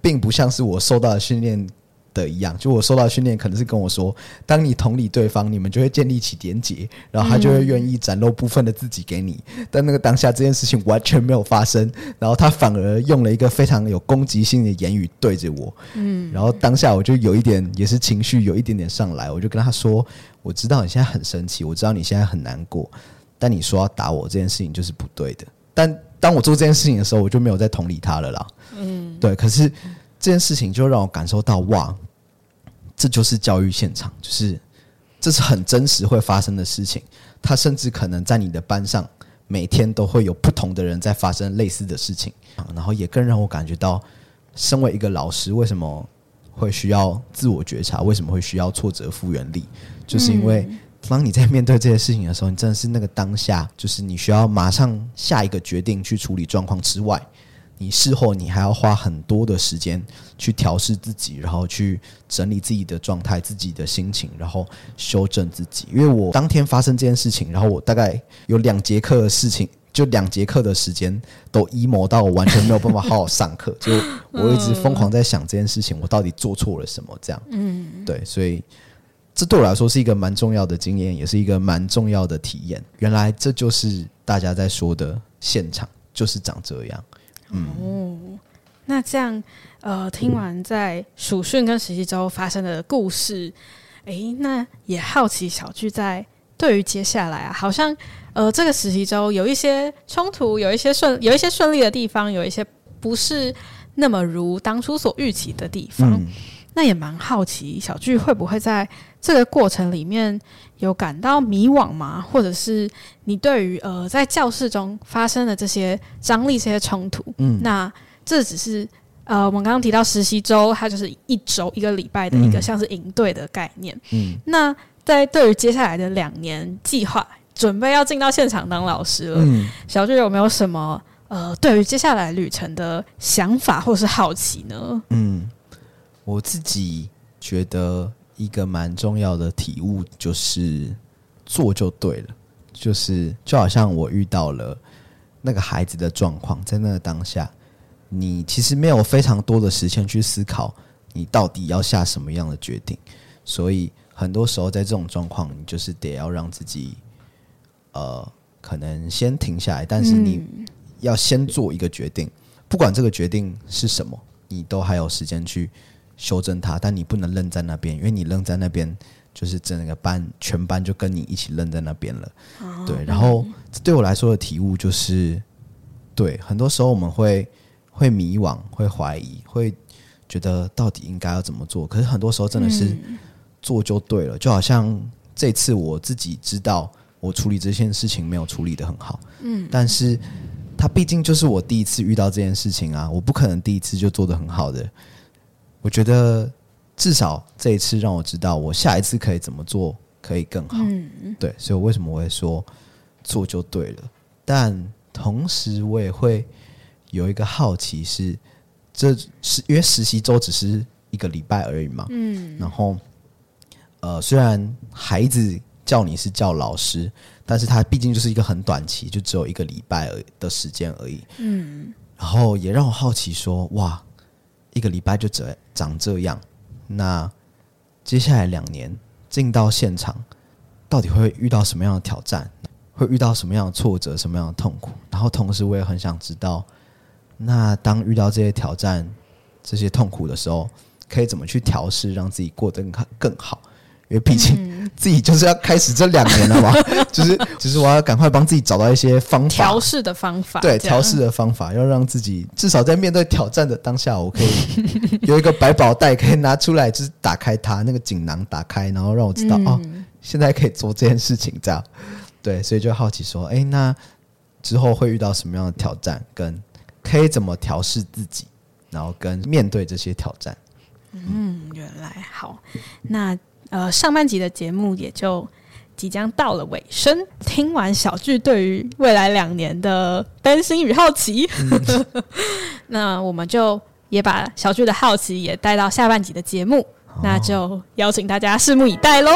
[SPEAKER 3] 並不像是我受到訓練的一樣。嗯、就我受到訓練，可能是跟我說，當你同理對方，你們就會建立起連接，然後他就會願意展露部分的自己給你。嗯、但那個當下這件事情完全沒有發生，然後他反而用了一個非常有攻擊性的言語對着我。嗯，然後當下我就有一點也是情緒有一點點上來，我就跟他說：“我知道你現在很生氣，我知道你現在很難過，但你說要打我這件事情就是不對的。”但當我做這件事情的時候，我就沒有再同理他了啦。嗯，對。可是這件事情就讓我感受到，哇，這就是教育現場，就是這是很真實會發生的事情。他甚至可能在你的班上，每天都會有不同的人在發生類似的事情。然後也更讓我感覺到，身為一個老師，為什麼會需要自我覺察？為什麼會需要挫折復原力？就是因為。當你在面對這些事情的時候，你真的是那個當下，就是你需要馬上下一個決定去處理狀況之外，你事後你還要花很多的時間去調試自己，然後去整理自己的狀態、自己的心情，然後修正自己。因為我當天發生這件事情，然後我大概有兩節課的事情，就兩節課的時間都 emo 到我完全沒有辦法好好上課， 就我一直瘋狂在想這件事情，我到底做錯了什麼？這樣，嗯，對，所以。這對我來說是一個蠻重要的經驗，也是一個蠻重要的體驗。原來這就是大家在說的現場，就是長這樣。嗯，哦、
[SPEAKER 2] 那這樣呃，聽完在暑訓跟實習週發生的故事，嗯、誒，那也好奇小巨在對於接下來啊，好像呃，這個實習週有一些衝突，有一些順，有一些順利的地方，有一些不是那麼如當初所預期的地方。嗯那也蠻好奇，小巨會不會在這個過程裡面有感到迷惘嗎？或者是你對於呃，在教室中發生的這些張力、這些衝突，嗯，那這只是呃，我們剛剛提到實習周，它就是一周一個禮拜的一個像是營隊的概念，嗯。那在對於接下來的兩年計劃，準備要進到現場當老師了，嗯，小巨有沒有什麼呃，對於接下來旅程的想法或是好奇呢？嗯。
[SPEAKER 3] 我自己覺得一個蠻重要的體悟就是做就對了，就是就好像我遇到了那個孩子的狀況，在那個當下，你其實沒有非常多的時間去思考你到底要下什麼樣的決定，所以很多時候在這種狀況，你就是得要讓自己，呃，可能先停下來，但是你要先做一個決定，不管這個決定是什麼，你都還有時間去。修正它，但你不能愣在那邊，因為你愣在那邊，就是整個班全班就跟你一起愣在那邊了。Oh, 對，然後對我來說的體悟就是，對，很多時候我們會會迷惘、會懷疑、會覺得到底應該要怎麼做。可是很多時候真的是做就對了，嗯、就好像這次我自己知道我處理這件事情沒有處理得很好，嗯，但是它畢竟就是我第一次遇到這件事情啊，我不可能第一次就做得很好的。我覺得至少這一次讓我知道，我下一次可以怎麼做，可以更好。嗯、對，所以我為什麼我會說做就對了？但同時我也會有一個好奇是，是這是因為實習週，只是一個禮拜而已嘛？嗯、然後，呃，雖然孩子叫你是叫老師，但是他畢竟就是一個很短期，就只有一個禮拜的時間而已。嗯、然後也讓我好奇說，哇。一個禮拜就這長這樣，那接下來兩年進到現場，到底會遇到什麼樣的挑戰？會遇到什麼樣的挫折？什麼樣的痛苦？然後同時我也很想知道，那當遇到這些挑戰、這些痛苦的時候，可以怎麼去調適，讓自己過得更更好。因為畢竟自己就是要開始這兩年了嘛、嗯，就是就是我要趕快幫自己找到一些方法，調試的
[SPEAKER 2] 方法，對，調試樣的
[SPEAKER 3] 方法，要讓自己至少在面對挑戰的當下，我可以有一個百寶袋，可以拿出來，就是打開它 那個錦囊，打開，然後讓我知道啊、嗯哦，現在可以做這件事情這樣。對，所以就好奇說，哎、欸，那之後會遇到什麼樣的挑戰？跟可以怎麼調試自己，然後跟面對這些挑戰？嗯，嗯
[SPEAKER 2] 原來好，那。呃，上半集的節目也就即將到了尾聲。聽完小巨對於未來兩年的擔心與好奇，嗯呵呵，那我們就也把小巨的好奇也帶到下半集的節目。哦，那就邀請大家拭目以待嘍。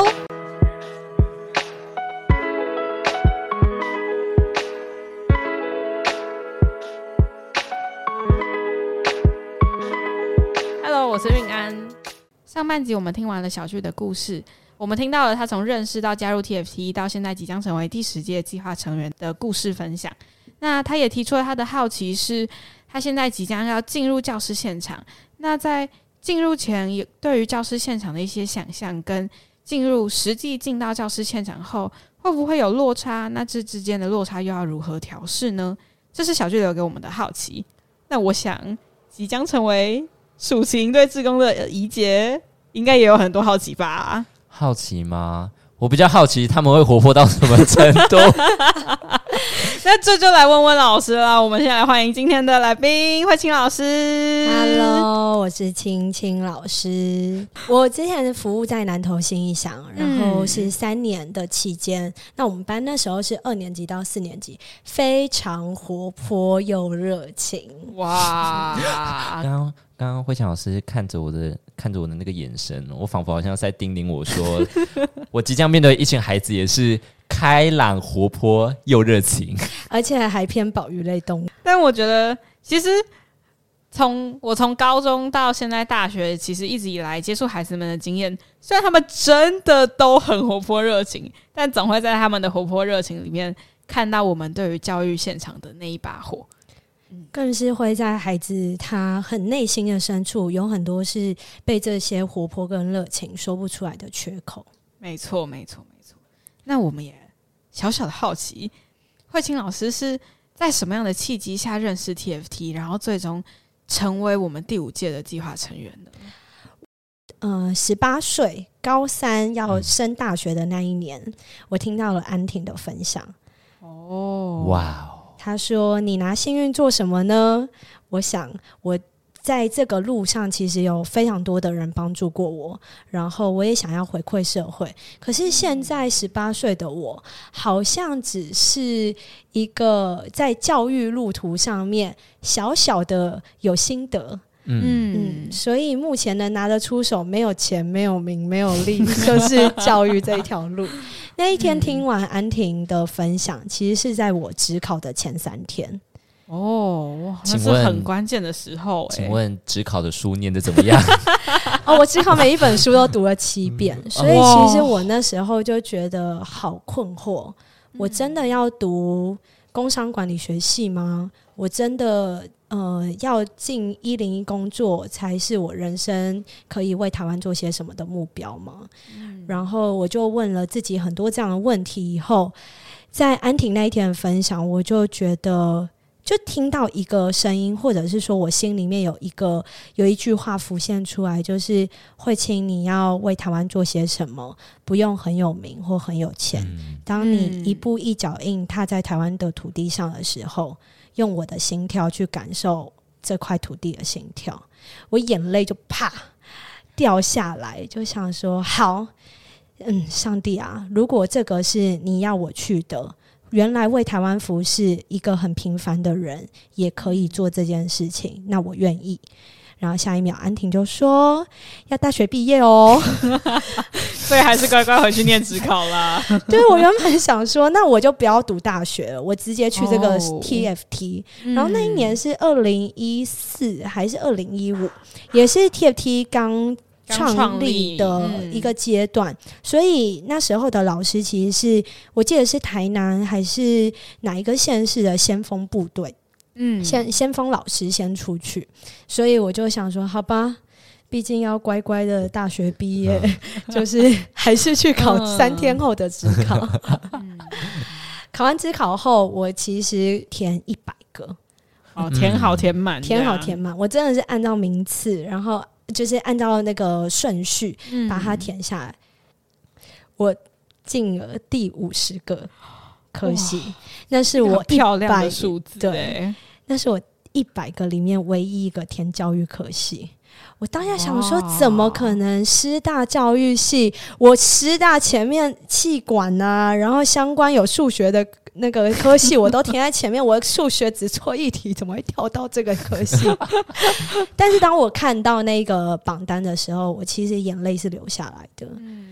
[SPEAKER 2] Hello，我是運安。上半集我們聽完了小巨的故事，我們聽到了他從認識到加入 TFT 到現在即將成為第十屆計劃成員的故事分享。那他也提出了他的好奇是，是他現在即將要進入教師現場。那在進入前，有對於教師現場的一些想象，跟進入實際進到教師現場後，會不會有落差？那這之間的落差又要如何調試呢？這是小巨留給我們的好奇。那我想，即將成為。屬琴對志工的彝節應該也有很多好奇吧？
[SPEAKER 1] 好奇嗎？我比較好奇他們會活潑到什麼程度。
[SPEAKER 2] 那這就來問問老
[SPEAKER 4] 師了啦。我們先來歡迎今天的來賓，慧青老師。Hello，我是青青老師。我之前是服務在南投信義鄉，然後是三年的期間。嗯、那我們班那時候是二年級到四年級，非常活潑又熱情。哇！
[SPEAKER 1] 然後。剛剛慧青老師看着我的，看着我的那個眼神，我仿佛好像在叮嚀我說：“ 我即將面對一群孩子，也是開朗活潑又熱情，
[SPEAKER 4] 而且還偏保育類動物。”
[SPEAKER 2] 但我覺得，其實從我從高中到現在大學，其實一直以來接觸孩子們的經驗，雖然他們真的都很活潑熱情，但總會在他們的活潑熱情裡面看到我們對於教育現場的那一把火。
[SPEAKER 4] 更是會在孩子他很內心的深處，有很多是被這些活潑跟熱情說不出來的缺口。沒錯，沒錯，
[SPEAKER 2] 沒錯。那我們也小小的好奇，慧青老師是在什麼樣的契機下認識 TFT，然後最終成為我們第五屆的計劃成員的？
[SPEAKER 4] 呃，十八歲，高三要升大學的那一年，嗯、我聽到了安婷的分享。哦，哇、wow。他說：“你拿幸運做什麼呢？”我想，我在這個路上其實有非常多的人幫助過我，然後我也想要回饋社會。可是現在十八歲的我，好像只是一個在教育路途上面小小的有心得。嗯，嗯，嗯，所以目前能拿得出手，沒有錢，沒有名，沒有利， 就是教育這一條路。那一天聽完安婷的分享，其實是在我指考的前三天、嗯、哦。其實很關鍵的時候，
[SPEAKER 2] 欸，請問
[SPEAKER 1] 指考的書念得怎麼樣？
[SPEAKER 4] 哦，我指考每一本書都讀了七遍，嗯、所以其實我那時候就覺得好困惑。哦、我真的要讀工商管理學系嗎？我真的。呃，要進一零一工作才是我人生可以為台灣做些什麼的目標嗎？嗯、然後我就問了自己很多這樣的問題，以後在安婷那一天的分享，我就覺得就聽到一個聲音，或者是說我心裡面有一個有一句話浮現出來，就是慧請你要為台灣做些什麼？不用很有名或很有錢，嗯、當你一步一腳印踏在台灣的土地上的時候。用我的心跳去感受這塊土地的心跳，我眼淚就啪掉下來，就想說：好，嗯，上帝啊，如果這個是你要我去的，原來為台灣服事，一個很平凡的人也可以做這件事情，那我願意。然後下一秒，安婷就說要大學畢業哦，
[SPEAKER 2] 所以 還是乖乖回去念指考
[SPEAKER 4] 啦。 對，我原本想說，那我就不要讀大學了，我直接去這個 TFT。哦，然後那一年是二零一四還是二零一五，也是 TFT 剛創立的一個階段，嗯、所以那時候的老師其實是我記得是台南還是哪一個縣市的先鋒部隊。嗯，先先鋒老師先出去，所以我就想說，好吧，畢竟要乖乖的大學畢業，嗯、 就是還是去考三天後的指考。嗯、 考完指考後，我其實填一百個，哦，填好填滿，嗯、填好填滿，啊、我真的是按照名次，然後就是按照那個順序、嗯、把它填下來。我進了第五十個。科系，哇那是我 100, 一個很漂亮的數字，欸，對，那是我一百個裡面唯一一個填教育科系。我當下想說，怎麼可能師大教育系？哇我師大前面氣管啊，然後相關有數學的那個科系，我都填在前面。 我數學只錯一題，怎麼會跳到這個科系？ 但是當我看到那個榜單的時候，我其實眼淚是流下來的。嗯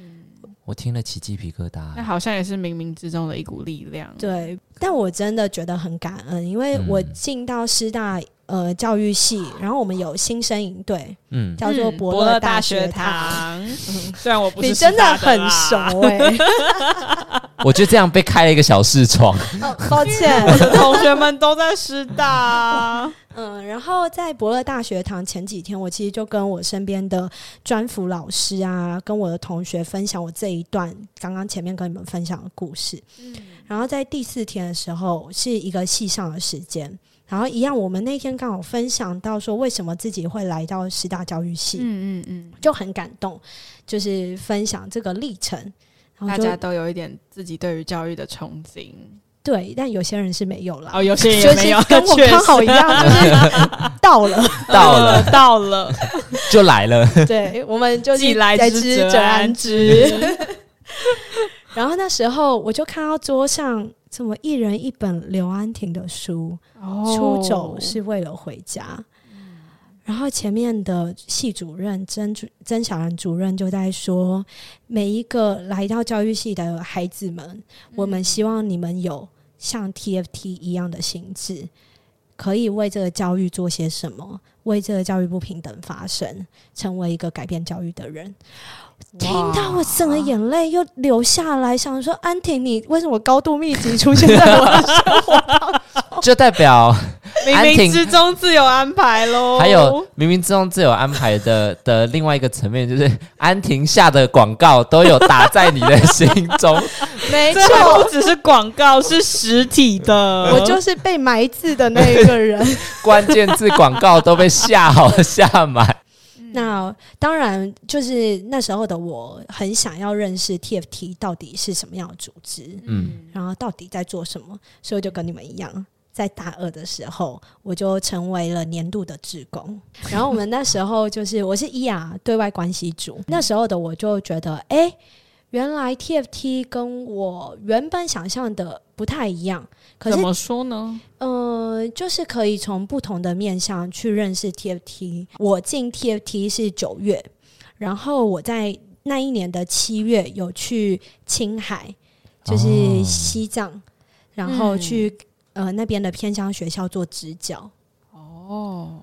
[SPEAKER 1] 我聽了起雞皮疙瘩，那
[SPEAKER 4] 好像也是冥
[SPEAKER 2] 冥之中的一股力量。
[SPEAKER 4] 對，但我真的覺得很感恩，因為我進到師大。嗯呃，教育系，然後我們有新生營隊，嗯，叫做伯樂大學堂。嗯，學堂嗯、
[SPEAKER 2] 雖然我不是，你真的很熟、
[SPEAKER 1] 欸， 我就這樣被開了一個小視窗。
[SPEAKER 4] 哦、抱歉，我 的 同學們都在師大嗯。嗯，然後在伯樂大學堂前幾天，我其實就跟我身邊的專輔老師啊，跟我的同學分享我這一段剛剛前面跟你們分享的故事。嗯、然後在第四天的時候，是一個系上的時間。然後一樣，我們那天剛好分享到說，為什麼自己會來到師大教育系，嗯嗯嗯，就很感動，就是分享這個歷程，大家都
[SPEAKER 2] 有一點自己對於教育的憧憬，
[SPEAKER 4] 對，但有些人是沒有了，哦，有些人也沒有，跟我剛好一樣，就是到了，到了，到了，
[SPEAKER 2] 就來
[SPEAKER 1] 了，
[SPEAKER 4] 對，我們就既來之則安之。然後那時候我就看到桌上。這麼一人一本劉安婷的書，出、oh, 走是為了回家。嗯、然後前面的系主任曾主曾小蘭主任就在說，每一個來到教育系的孩子們，嗯、我們希望你們有像 TFT 一樣的心智，可以為這個教育做些什麼。為這個教育不平等發聲，成為一個改變教育的人。哇聽到我整個眼淚又流下來，想說哇安婷，你為什麼高度密集出現在我的
[SPEAKER 1] 生活？ 就代表，冥冥之
[SPEAKER 4] 中自有安排嘍。
[SPEAKER 2] 還有
[SPEAKER 1] 冥冥之中自有安排的的另外一個層面，就是安婷下的廣告都有打在你的心中。
[SPEAKER 4] 沒錯，不
[SPEAKER 1] 只是廣告是實體的，我就是
[SPEAKER 4] 被埋字的那一個人。
[SPEAKER 1] 關鍵字廣告都被。下好、啊、下嘛滿，
[SPEAKER 4] 那當然就是那時候的我很想要認識 TFT 到底是什麼樣的組織，嗯，然後到底在做什麼，所以就跟你們一樣，在大二的時候我就成為了年度的志工，然後我們那時候就是 我是一、ER、啊對外關係組，那時候的我就覺得，哎，原來 TFT 跟我原本想象的不太一樣。可怎麼說呢？呃，就是可以從不同的面向去認識 TFT。我進 TFT 是九月，然後我在那一年的七月有去青海，就是西藏，哦、然後去、嗯、呃那邊的偏鄉學校做支教。哦，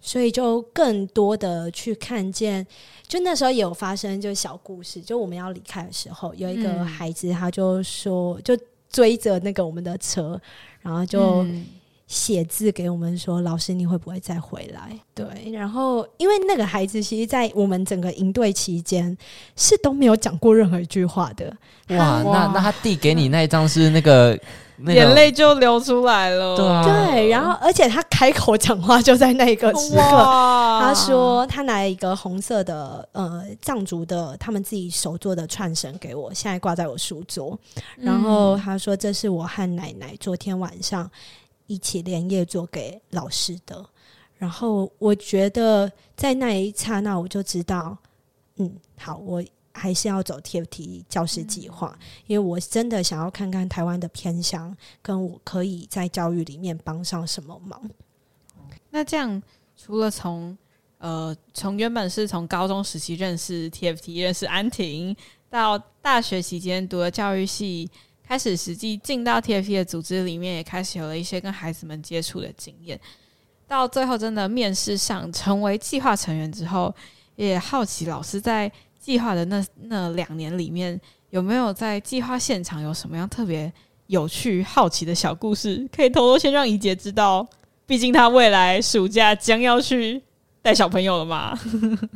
[SPEAKER 4] 所以就更多的去看見，就那時候也有發生，就小故事。就我們要離開的時候，有一個孩子他就說，嗯、就。追着那個我們的車，然後就寫字給我們說：“嗯、老師，你會不會再回來？”對，然後因為那個孩子其實，在我們整個營隊期間是都沒有講過任何一句話的。哇，但哇那那他
[SPEAKER 1] 遞給你那一張是那個。嗯 眼淚
[SPEAKER 4] 就流出來了，對，啊、對，然後而且他開口講話就在那一個時刻，哇他說他拿一個紅色的呃藏族的他們自己手做的串繩給我，現在掛在我書桌，嗯、然後他說這是我和奶奶昨天晚上一起連夜做給老師的，然後我覺得在那一剎那我就知道，嗯，好，我。還是要走 TFT 教師計劃，嗯、因為我真的想要看看台灣的偏鄉，跟我可以在教育裡面幫上什麼忙。
[SPEAKER 2] 那這樣，除了從呃從原本是從高中時期認識 TFT 認識安婷，到大學期間讀了教育系，開始實際進到 TFT 的組織裡面，也開始有了一些跟孩子們接觸的經驗。到最後，真的面試上成為計劃成員之後，也，也好奇老師在。計劃的那那兩年裡面，有沒有在計劃現場有什麼樣特別有趣、好奇的小故事？可以偷偷先讓怡姐知道，畢竟她未來暑假將要去帶小朋友了嘛。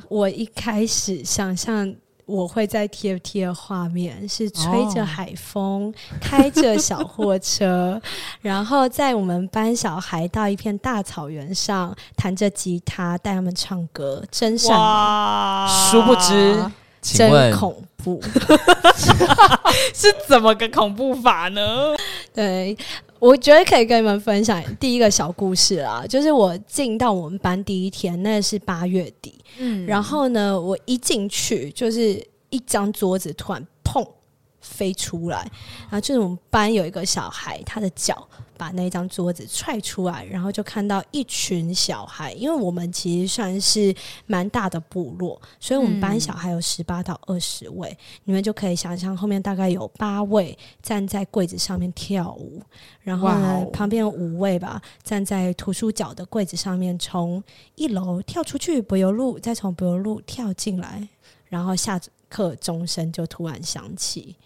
[SPEAKER 4] 我一開始想象我會在 TFT 的畫面是吹着海風，哦、開着小貨車， 然後載我們班小孩到一片大草原上彈着吉他，帶他們唱歌，真善美。哇殊不知。請真恐怖， 是怎麼個
[SPEAKER 2] 恐怖法呢？
[SPEAKER 4] 對，我覺得可以跟你們分享第一個小故事啊,就是我進到我們班第一天，那是八月底，嗯，然後呢，我一進去就是一張桌子突然砰飛出來，然後就是我們班有一個小孩，他的腳。把那張桌子踹出來，然後就看到一群小孩。因為我們其實算是蠻大的部落，所以我們班小孩有十八到二十位。嗯，你們就可以想象後面大概有八位站在櫃子上面跳舞，然後旁邊五位吧站在圖書角的櫃子上面，從一樓跳出去，柏油路，再從柏油路跳進來，然後下課鐘聲就突然響起。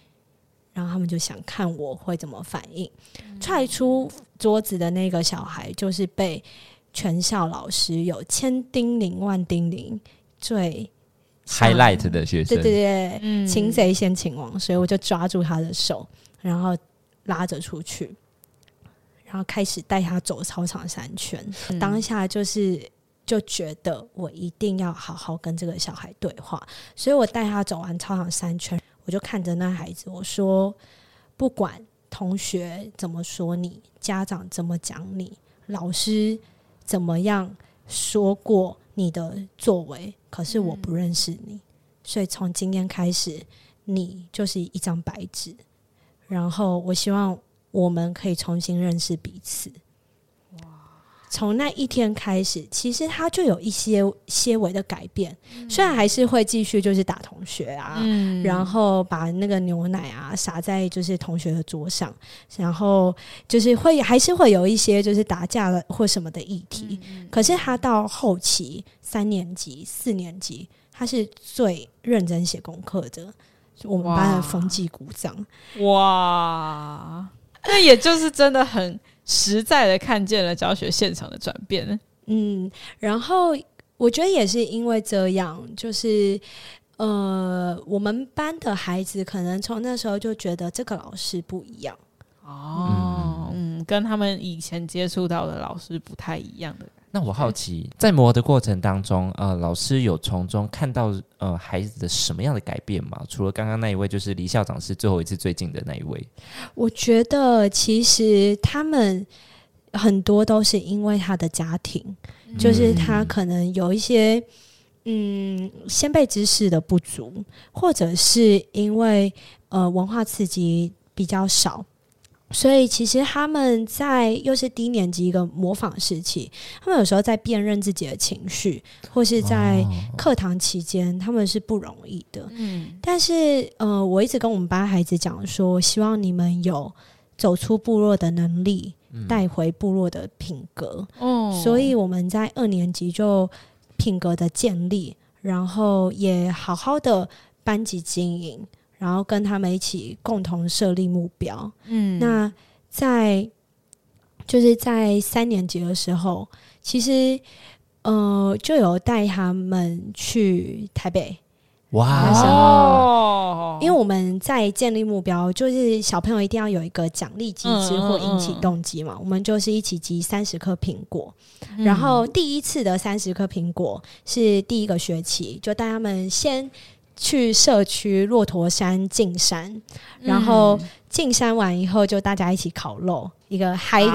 [SPEAKER 4] 然後他們就想看我會怎麼反應，踹出桌子的那個小孩就是被全校老師有千叮嚀萬叮嚀最 highlight 的學生，對對對，擒賊先擒王，所以我就抓住他的手，然後拉着出去，然後開始帶他走操場三圈，當下就是。就覺得我一定要好好跟這個小孩對話，所以我帶他走完操場三圈，我就看着那孩子，我說：“不管同學怎麼說你，家長怎麼講你，老師怎麼樣說過你的作為，可是我不認識你，嗯、所以從今天開始，你就是一張白紙。然後我希望我們可以重新認識彼此。”從那一天開始，其實他就有一些些微，微的改變，嗯、雖然還是會繼續就是打同學啊，嗯、然後把那個牛奶啊灑在就是同學的桌上，然後就是會還是會有一些就是打架了或什麼的議題。嗯、可是他到後期三年級、四年級，他是最認真寫功課的，哇我們班的風紀股長。
[SPEAKER 2] 哇，那也就是真的很。 實在地看見了教學現場的轉
[SPEAKER 4] 變，嗯，然後我覺得也是因為這樣，就是，呃，我們班的孩子可能從那時候就覺得這個老師不一樣。
[SPEAKER 2] 哦，嗯，嗯跟他們以前接觸到的老師不太一樣的。
[SPEAKER 1] 那我好奇，欸、在磨的過程當中，呃，老師有從中看到呃孩子的什麼樣的改變嗎？除了剛剛那一位，就是李校長是最後一次最近的那一位。
[SPEAKER 4] 我覺得其實他們很多都是因為他的家庭，嗯、就是他可能有一些嗯先備知識的不足，或者是因為呃文化刺激比較少。所以其實他們在又是低年級一個模仿時期，他們有時候在辨認自己的情緒，或是在課堂期間，他們是不容易的。嗯、哦，但是呃，我一直跟我們班孩子講說，希望你們有走出部落的能力，帶回部落的品格。嗯、所以我們在二年級就品格的建立，然後也好好的班級經營。然後跟他們一起共同設立目標。嗯，那在就是在三年級的時候，其實呃就有帶他們去台北。
[SPEAKER 1] 哇！哦、
[SPEAKER 4] 因為我們在建立目標，就是小朋友一定要有一個獎勵機制、嗯、或引起動機嘛。嗯嗯、我們就是一起集三十顆蘋果，
[SPEAKER 3] 嗯、然後
[SPEAKER 4] 第一次的三十顆蘋果是第一個學期，就帶他們先。去社區駱駝山進山，嗯、然後進山完以後就大家一起烤肉，一個嗨的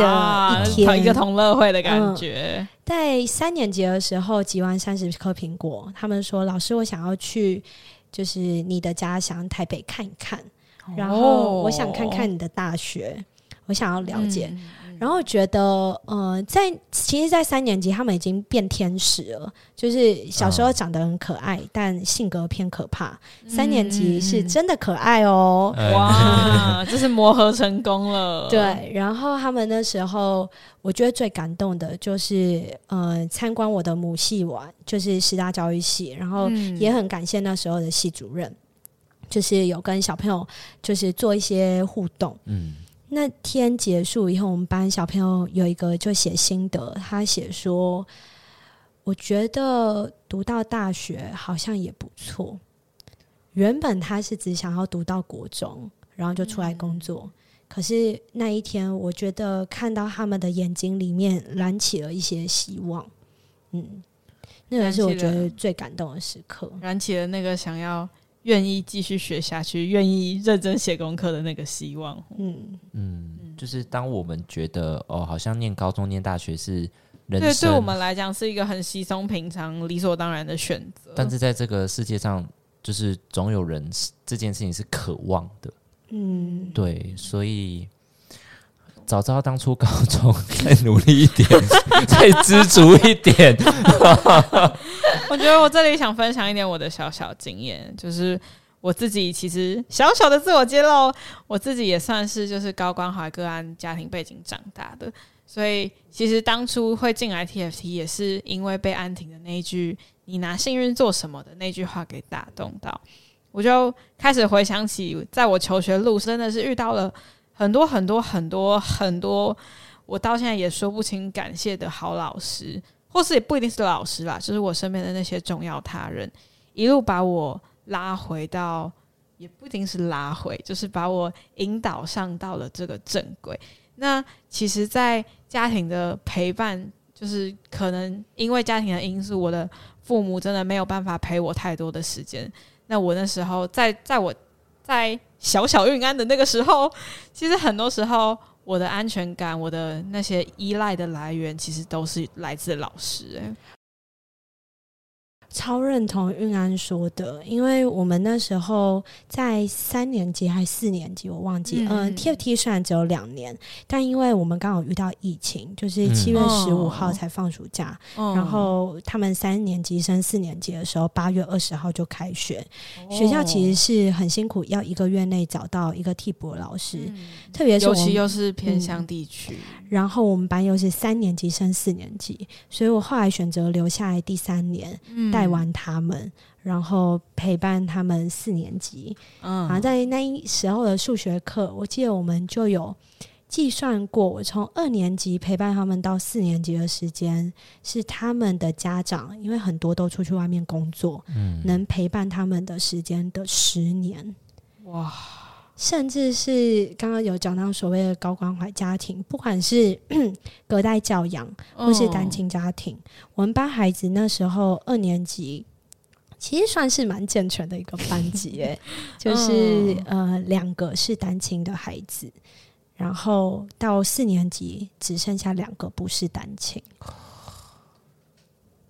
[SPEAKER 4] 一天、啊，一個同樂會的感覺、嗯。在三年級的時候，集完三十顆蘋果，他們說：“老師，我想要去，就是你的家鄉台北看一看，哦、然後我想看看你的大學，我想要了解。嗯”然後覺得，呃，在其實，在三年級他們已經變天使了，就是小時候長得很可愛，哦、但性格偏可怕。嗯、三年級是真的可愛哦，哇， 這是磨合成
[SPEAKER 2] 功了。
[SPEAKER 4] 對，然後他們那時候，我覺得最感動的就是，呃，參觀我的母系館，就是師大教育系，然後也很感謝那時候的系主任，就是有跟小朋友就是做一些互動，嗯。那天結束以後，我們班小朋友有一個就寫心得，他寫說：“我覺得讀到大學好像也不錯。”原本他是只想要讀到國中，然後就出來工作。嗯，可是那一天，我覺得看到他們的眼睛裡面燃起了一些希望，嗯，那個是我覺得最感動的時刻，燃起了，
[SPEAKER 2] 燃起了那個想要。願意繼續學下去，願意認真寫功課的那個希望。嗯嗯，
[SPEAKER 1] 嗯，就是當我們覺得哦，好像念高中、念大學是人生，對，對我們
[SPEAKER 2] 來講是一個很稀鬆平常、理所當然的選擇。但是
[SPEAKER 1] 在這個世界上，就是總有人這件事情是渴望的。嗯，對，所以。早知道當初高中再努力一點， 再知足一點。
[SPEAKER 2] 我覺得我這裡想分享一點我的小小經驗，就是我自己其實小小的自我揭露，我自己也算是就是高關懷個案家庭背景長大的，所以其實當初會進來 TFT 也是因為被安婷的那一句“你拿幸運做什麼”的那句話給打動到，我就開始回想起在我求學路真的是遇到了。很多很多很多很多，我到現在也說不清感謝的好老師，或是也不一定是老師啦，就是我身邊的那些重要他人，一路把我拉回到，也不一定是拉回，就是把我引導上到了這個正軌。那其實，在家庭的陪伴，就是可能因為家庭的因素，我的父母真的沒有辦法陪我太多的時間。那我那時候在，在我。在小小運安的那個時候，其實很多時候，我的安全感，我的那些依賴的來源，其實都是來自老師欸。
[SPEAKER 4] 超認同運安說的，因為我們那時候在三年級還是四年級，我忘記。嗯,嗯,嗯,嗯,嗯、呃、，TFT 雖然只有兩年，但因為我們剛好遇到疫情，就是七月十五號才放暑假，嗯嗯嗯然後他們三年級升四年級的時候，八月二十號就開學。學校其實是很辛苦，要一個月內找到一個替補老師，特別是尤其又是偏鄉地區。嗯然後我們班又是三年級升四年級，所以我後來選擇留下來第三年、嗯、帶完他們，然後陪伴他們四年級。啊、嗯，在那時候的數學課，我記得我們就有計算過，我從二年級陪伴他們到四年級的時間，是他們的家長，因為很多都出去外面工作，嗯、能陪伴他們的時間的十年，哇。甚至是剛剛有講到所謂的高關懷家庭，不管是 隔代教養或是單親家庭，哦、我們班孩子那時候二年級，其實算是蠻健全的一個班級誒。 就是、哦、呃，兩個是單親的孩子，然後到四年級只剩下兩個不是單親。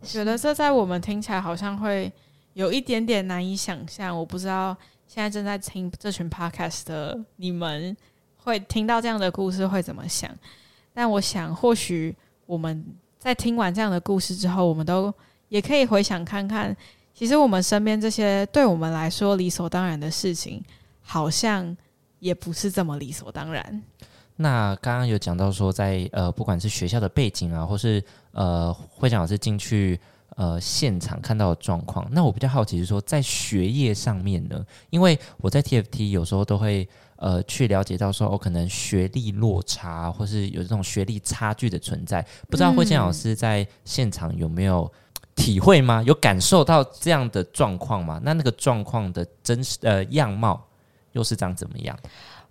[SPEAKER 2] 覺得這在我們聽起來好像會有一點點難以想象，我不知道。現在正在聽這群 podcast 的你們，會聽到這樣的故事會怎麼想？但我想，或許我們在聽完這樣的故事之後，我們都也可以回想看看，其實我們身邊這些對我們來說理所當然的事情，好像也不是這麼理所當然。
[SPEAKER 1] 那剛剛有講到說在，在呃，不管是學校的背景啊，或是呃，會講是進去。呃，現場看到的狀況，那我比較好奇是說，在學業上面呢，因為我在 TFT 有時候都會呃去了解到說，我、哦、可能學歷落差，或是有這種學歷差距的存在，不知道慧青老師在現場有沒有體會嗎？嗯、有感受到這樣的狀況嗎？那那個狀況的真實呃樣貌又是長怎麼樣？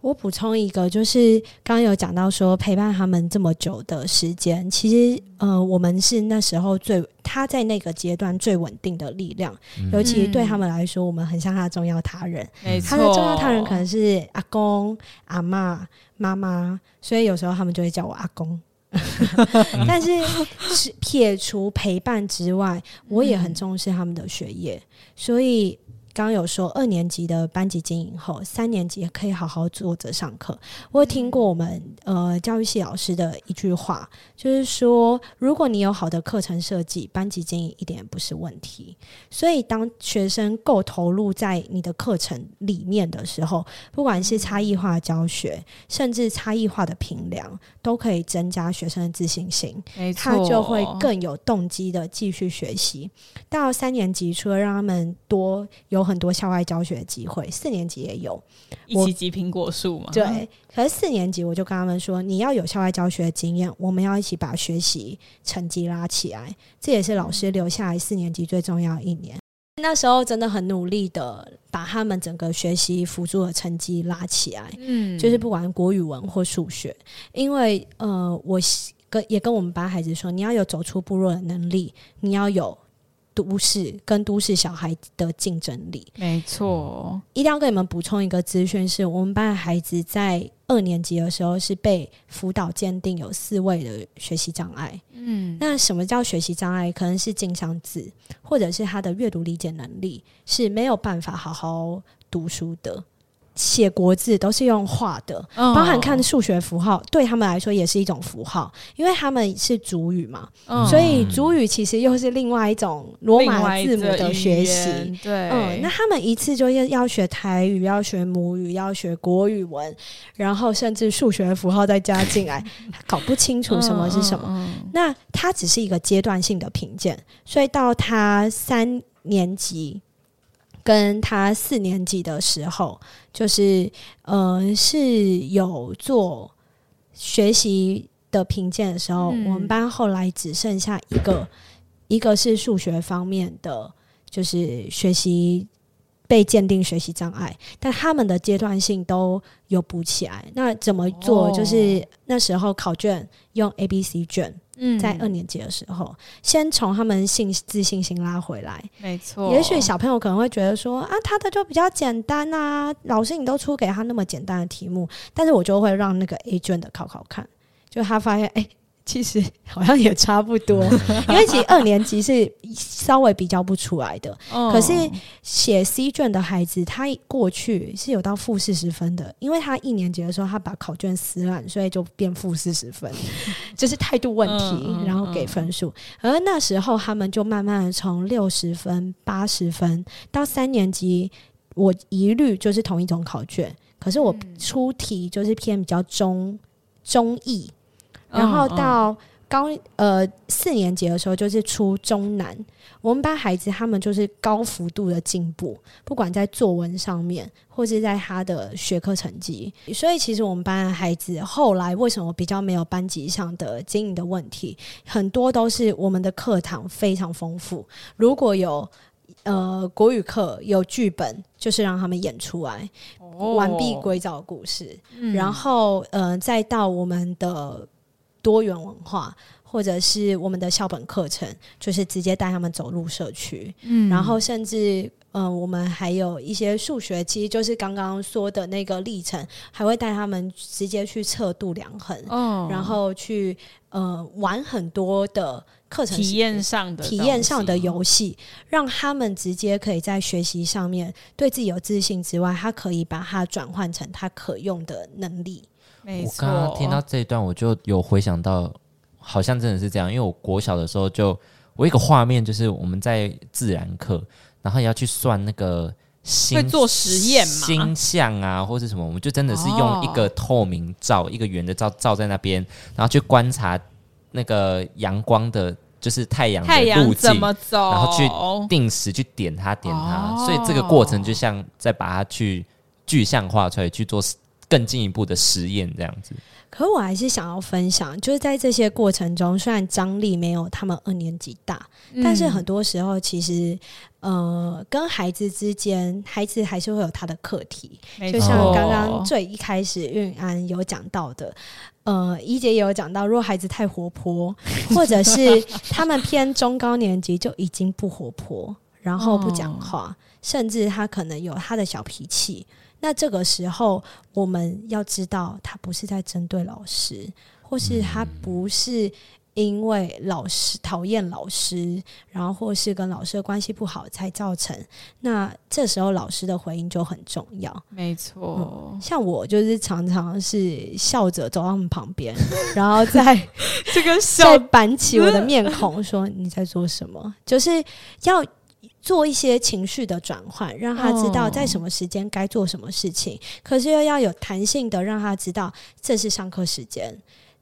[SPEAKER 4] 我補充一個，就是剛剛有講到說，陪伴他們這麼久的時間，其實呃，我們是那時候最他在那個階段最穩定的力量，嗯，尤其對他們來說，我們很像他的重要他人。沒錯。他的重要他人可能是阿公、阿嬤、媽媽，所以有時候他們就會叫我阿公。 但是 撇除陪伴之外，我也很重視他們的學業，所以。剛剛有說二年級的班級經營後，三年級也可以好好坐着上課。我聽過我們、嗯、呃教育系老師的一句話，就是說，如果你有好的課程設計，班級經營一點也不是問題。所以，當學生夠投入在你的課程裡面的時候，不管是差異化的教學，嗯、甚至差異化的評量，都可以增加學生的自信心。沒錯。他就會更有動機的繼續學習。到三年級，除了讓他們多有很多校外教學機會，四年級也有一起
[SPEAKER 2] 種蘋果樹
[SPEAKER 4] 嘛？對。可是四年級，我就跟他們說，你要有校外教學的經驗，我們要一起把學習成績拉起來。這也是老師留下來四年級最重要一年。嗯、那時候真的很努力的把他們整個學習輔助的成績拉起來。嗯，就是不管國語文或數學，因為呃，我跟也跟我們班孩子說，你要有走出部落的能力，你要有。都市跟都市小孩的競爭力，沒錯。一定要給你們補充一個資訊是，我們班的孩子在二年級的時候是被輔導鑑定有四位的學習障礙。嗯，那什麼叫學習障礙？可能是經常字，或者是他的閱讀理解能力是沒有辦法好好讀書的。寫國字都是用畫的，包含看數學符號，oh. 對他們來說也是一種符號，因為他們是族語嘛，oh. 所以族語其實又是另外一種羅馬字母的學習。對，嗯，那他們一次就要要學台語，要學母語，要學國語文，然後甚至數學符號再加進來， 搞不清楚什麼是什麼。Oh. 那他只是一個階段性的評鑑，所以到他三年級。跟他四年級的時候，就是呃是有做學習的評鑑的時候，嗯、我們班後來只剩下一個，一個是數學方面的，就是學習被鑑定學習障礙，但他們的階段性都有補起來。那怎麼做？哦、就是那時候考卷用 A、B、C 卷。嗯，在二年級的時候，嗯、先從他們信自信心拉回來，沒錯。也許小朋友可能會覺得說啊，他的就比較簡單啊，老師你都出給他那麼簡單的題目，但是我就會讓那個 A 卷的考考看，就他發現誒、欸其實好像也差不多， 因為其實二年級是稍微比較不出來的。 可是寫 C 卷的孩子，他過去是有到負四十分的，因為他一年級的時候他把考卷撕爛，所以就變負四十分， 就是態度問題， 然後給分數。嗯嗯嗯。而那時候他們就慢慢的從六十分、八十分到三年級，我一律就是同一種考卷，可是我出題就是偏比較中中意。然後到高 oh, oh. 呃四年級的時候，就是初中難。我們班孩子他們就是高幅度的進步，不管在作文上面，或是在他的學科成績。所以其實我們班的孩子後來為什麼比較沒有班級上的經營的問題，很多都是我們的課堂非常豐富。如果有呃國語課有劇本，就是讓他們演出來《oh. 完璧歸趙》的故事，嗯、然後呃再到我們的。多元文化，或者是我們的校本課程，就是直接帶他們走入社區，嗯，然後甚至，嗯、呃，我們還有一些數學，其實就是剛剛說的那個歷程，還會帶他們直接去測度量衡，嗯、哦，然後去，呃，玩很多的課程體驗上的體驗上的遊戲，讓他們直接可以在學習上面對自己有自信之外，他可以把它轉換成他可用的能力。我剛剛聽到
[SPEAKER 1] 這一段，我就有回想到，好像真的是這樣。因為我國小的時候就，就我一個畫面，就是我們在自然課，然後要去算那個星會做實驗嗎？星象啊，或是什麼？我們就真的是用一個透明罩，哦、一個圓的罩罩在那邊，然後去觀察那個陽光的，就是太陽的路徑，然後去定時去點它點它，哦、所以這個過程就像在把它去具象化出來去做。更進一步的實驗這樣子，
[SPEAKER 4] 可我還是想要分享，就是在這些過程中，雖然張力沒有他們二年級大，嗯、但是很多時候其實，呃，跟孩子之間，孩子還是會有他的課題。錯就像剛剛最一開始，運、哦、安有講到的，呃，一姐也有講到，如果孩子太活潑， 或者是他們偏中高年級就已經不活潑，然後不講話，哦、甚至他可能有他的小脾氣。那這個時候，我們要知道，他不是在針對老師，或是他不是因為老師討厭老師，然後或是跟老師的關係不好才造成。那這時候老師的回應就很重要。沒錯錯、嗯，像我就是常常是笑着走到他們旁邊， 然後再 在這個時候就板起我的面孔 說：“你在做什麼？”就是要。做一些情緒的轉換，讓他知道在什麼時間該做什麼事情，哦、可是又要有彈性的讓他知道這是上課時間。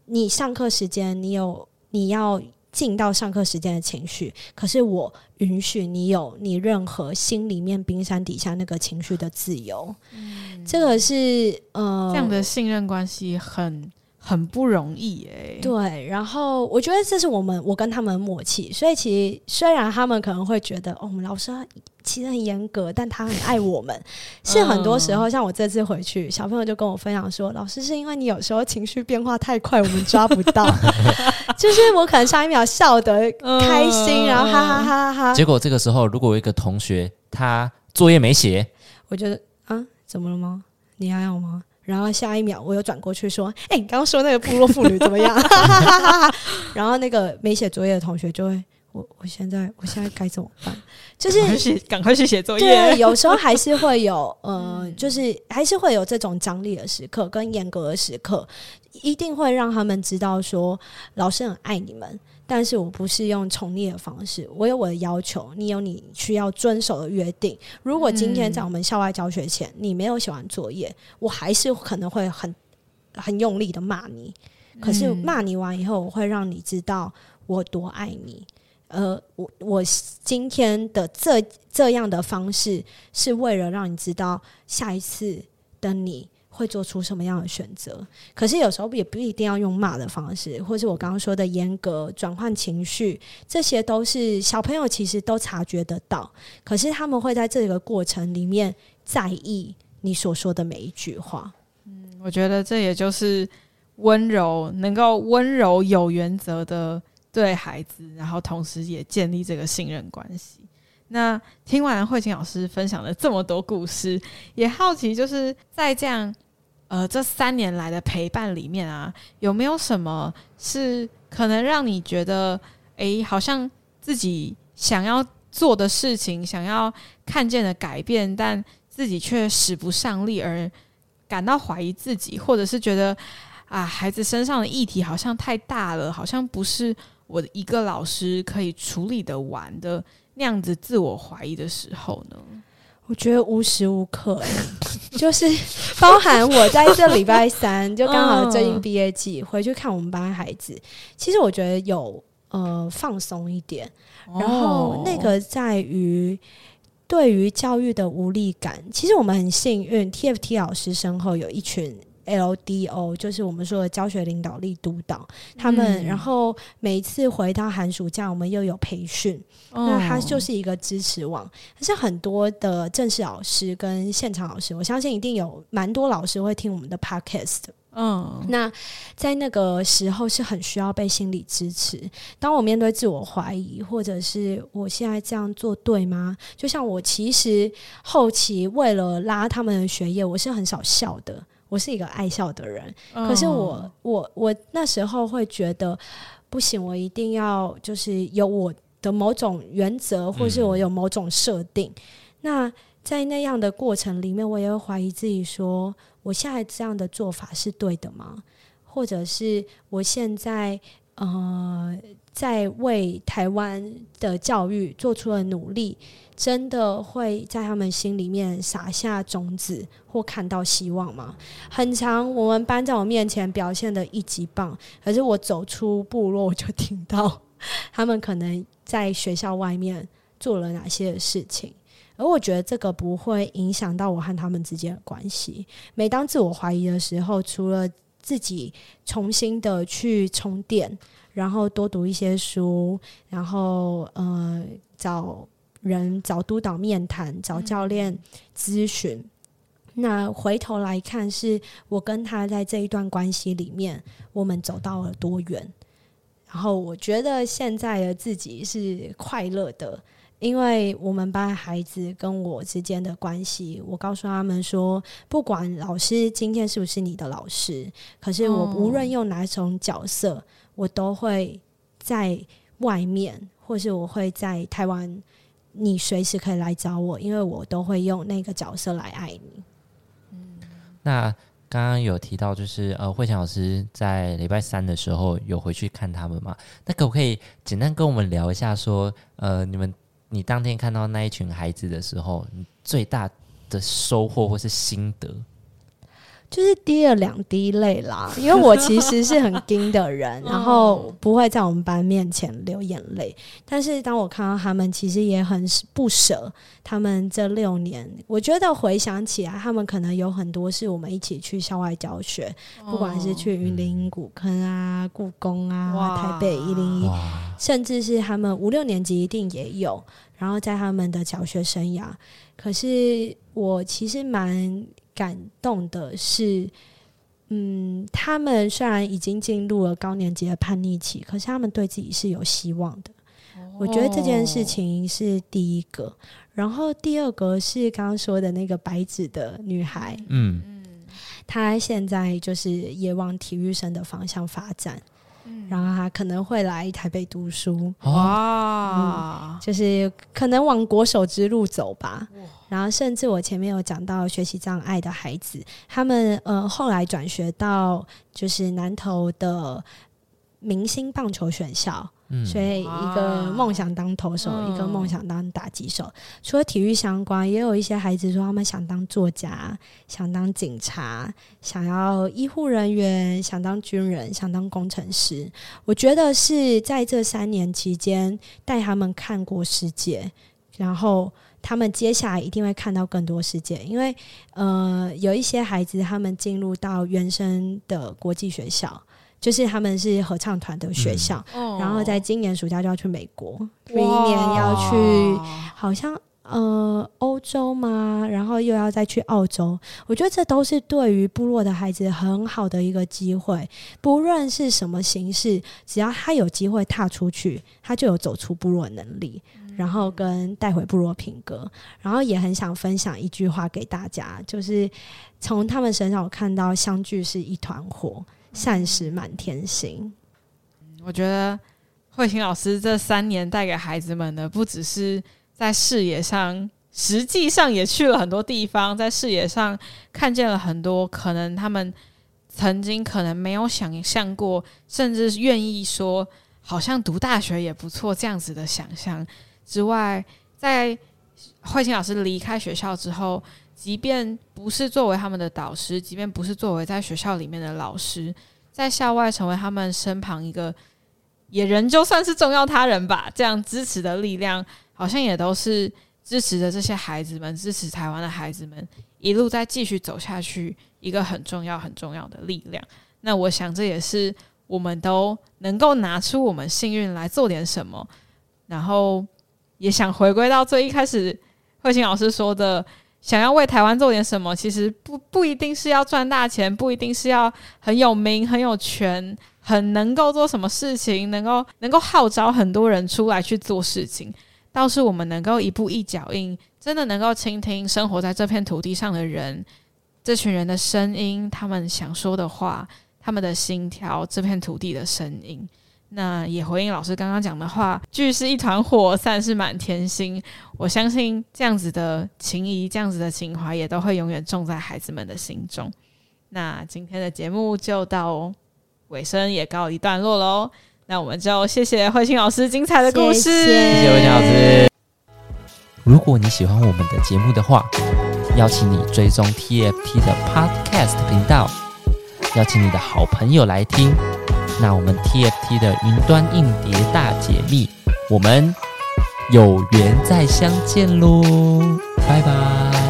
[SPEAKER 4] 你上課時間，你有你要進到上課時間的情緒，可是我允許你有你任何心裡面冰山底下那個情緒的自由。嗯、這個是呃，這樣的信任關係很。很不容易哎、欸，對，然後我覺得這是我們我跟他們的默契，所以其實雖然他們可能會覺得哦，我們老師其實很嚴格，但他很愛我們。是很多時候，嗯、像我這次回去，小朋友就跟我分享說，老師是因為你有時候情緒變化太快，我們抓不到。 就是我可能上一秒笑得開心，嗯、然後哈哈哈哈哈，結
[SPEAKER 1] 果這個時候如果有一個同學他作業沒寫，
[SPEAKER 4] 我覺得啊、嗯，怎麼了嗎？你還有嗎？然後下一秒，我又轉過去說：“誒，你剛剛說那個部落婦女怎麼樣？” 然後那個沒寫作業的同學就會：“我我現在我現在該怎麼辦？”就是趕快去趕快去寫作業。對，有時候還是會有呃，就是還是會有這種張力的時刻跟嚴格的時刻，一定會讓他們知道說老師很愛你們。但是我不是用寵溺的方式，我有我的要求，你有你需要遵守的約定。如果今天在我們校外教學前，嗯，你沒有寫完作業，我還是可能會很很用力的罵你。可是罵你完以後，我會讓你知道我多愛你。呃，我我今天的這這樣的方式，是為了讓你知道下一次的你，會做出什麼樣的選擇？可是有時候也不一定要用罵的方式，或是我剛剛說的嚴格轉換情緒，這些都是小朋友其實都察覺得到。可是他們會在這個過程裡面在意你所說的每一句話。嗯，
[SPEAKER 2] 我覺得這也就是溫柔，能夠溫柔有原則的對孩子，然後同時也建立這個信任關係。那聽完慧青老師分享了這麼多故事，也好奇，就是在這樣。呃，這三年來的陪伴裡面啊，有沒有什麼是可能讓你覺得，哎，好像自己想要做的事情，想要看見的改變，但自己卻使不上力，而感到懷疑自己，或者是覺得啊，孩子身上的議題好像太大了，好像不是我的一個老師可以處理得完的那樣子，自我懷疑的時候呢？
[SPEAKER 4] 我覺得無時無刻， 就是包含我在這禮拜三， 就剛好最近畢業季，嗯、回去看我們班的孩子。其實我覺得有呃放鬆一點，哦，然後那個在於對於教育的無力感。其實我們很幸運，TFT 老師身後有一群。LDO 就是我們說的教學領導力督導，他們然後每一次回到寒暑假，我們又有培訓，
[SPEAKER 3] 嗯，那它就
[SPEAKER 4] 是一個支持網。但是很多的正式老師跟現場老師，我相信一定有蠻多老師會聽我們的 podcast。嗯，那在那個時候是很需要被心理支持。當我面對自我懷疑，或者是我現在這樣做對嗎？就像我其實後期為了拉他們的學業，我是很少笑的。我是一個愛笑的人，嗯、可是我我我那時候會覺得，不行，我一定要就是有我的某種原則，或是我有某種設定。嗯、那在那樣的過程裡面，我也會懷疑自己說，說我現在這樣的做法是對的嗎？或者是我現在，呃。在為台灣的教育做出了努力，真的會在他們心裡面撒下種子或看到希望嗎？很常，我們班在我面前表現得一級棒，可是我走出部落，我就聽到他們可能在學校外面做了哪些事情。而我覺得這個不會影響到我和他們之間的關係。每當自我懷疑的時候，除了自己重新的去充電。然後多讀一些書，然後呃找人找督導面談，找教練諮詢。嗯、那回頭來看是，是我跟他在這一段關係裡面，我們走到了多遠？然後我覺得現在的自己是快樂的，因為我們班孩子跟我之間的關係，我告訴他們說，不管老師今天是不是你的老師，可是我無論用哪種角色。嗯我都會在外面，或是我會在台灣，你隨時可以來找我，因為我都會用那個角色來愛你。嗯，
[SPEAKER 1] 那剛剛有提到，就是呃，慧青老師在禮拜三的時候有回去看他們嗎？那可不可以簡單跟我們聊一下說，說呃，你們你當天看到那一群孩子的時候，你最大的收穫或是心得？嗯
[SPEAKER 4] 就是滴了兩滴淚啦，因為我其實是很矜的人， 然後不會在我們班面前流眼淚。但是當我看到他們，其實也很不捨他們這六年。我覺得回想起來，他們可能有很多是我們一起去校外教學， 不管是去雲林古坑啊、故宮啊、哇台北一零一，甚至是他們五六年級一定也有。然後在他們的教學生涯，可是我其實蠻。感動的是，嗯，他們雖然已經進入了高年級的叛逆期，可是他們對自己是有希望的。
[SPEAKER 3] 哦。我覺得這件事
[SPEAKER 4] 情是第一個，然後第二個是剛剛說的那個白紙的女孩，嗯，她現在就是也往體育生的方向發展。然後他可能會來台北讀書，
[SPEAKER 1] 哇、
[SPEAKER 2] 啊
[SPEAKER 4] 嗯，就是可能往國手之路走吧。哇然後甚至我前面有講到學習障礙的孩子，他們呃後來轉學到就是南投的明星棒球學校。嗯、所以，一個夢想當投手，啊、一個夢想當打擊手。嗯、除了體育相關，也有一些孩子說他們想當作家，想當警察，想要醫護人員，想當軍人，想當工程師。我覺得是在這三年期間帶他們看過世界，然後他們接下來一定會看到更多世界。因為，呃，有一些孩子他們進入到原生的國際學校。就是他們是合唱團的學校，嗯哦、然後在今年暑假就要去美國，明年要去好像哇呃歐洲嘛，然後又要再去澳洲。我覺得這都是對於部落的孩子很好的一個機會，不論是什麼形式，只要他有機會踏出去，他就有走出部落的能力，然後跟帶回部落品格。然後也很想分享一句話給大家，就是從他們身上我看到相聚是一團火。善始滿天星。嗯，我覺得慧
[SPEAKER 2] 青老師這三年帶給孩子們的，不只是在視野上，實際上也去了很多地方，在視野上看見了很多可能他們曾經可能沒有想象過，甚至願意說好像讀大學也不錯這樣子的想象之外，在慧青老師離開學校之後。即便不是作為他們的導師，即便不是作為在學校裡面的老師，在校外成為他們身旁一個也人，就算是重要他人吧。這樣支持的力量，好像也都是支持着這些孩子們，支持台灣的孩子們一路再繼續走下去。一個很重要、很重要的力量。那我想，這也是我們都能夠拿出我們幸運來做點什麼。然後也想回歸到最一開始，慧青老師說的。想要為台灣做點什麼，其實不不一定是要賺大錢，不一定是要很有名、很有權、很能夠做什麼事情，能夠能夠號召很多人出來去做事情。倒是我們能夠一步一腳印，真的能夠傾聽生活在這片土地上的人，這群人的聲音，他們想說的話，他們的心跳，這片土地的聲音。那也回應老師剛剛講的話，聚是一團火，散是滿天星。我相信這樣子的情誼，這樣子的情懷，也都會永遠種在孩子們的心中。那今天的節目就到、哦、尾聲，也告一段落嘍。那我們就謝謝慧青老師精彩的故事，謝謝慧青老師。謝謝，
[SPEAKER 1] 如果你喜歡我們的節目的話，邀請你追蹤 TFT 的 Podcast 頻道，邀請你的好朋友來聽。那我們 TFT 的雲端硬碟大揭密，我們有緣再相見嘍，拜拜。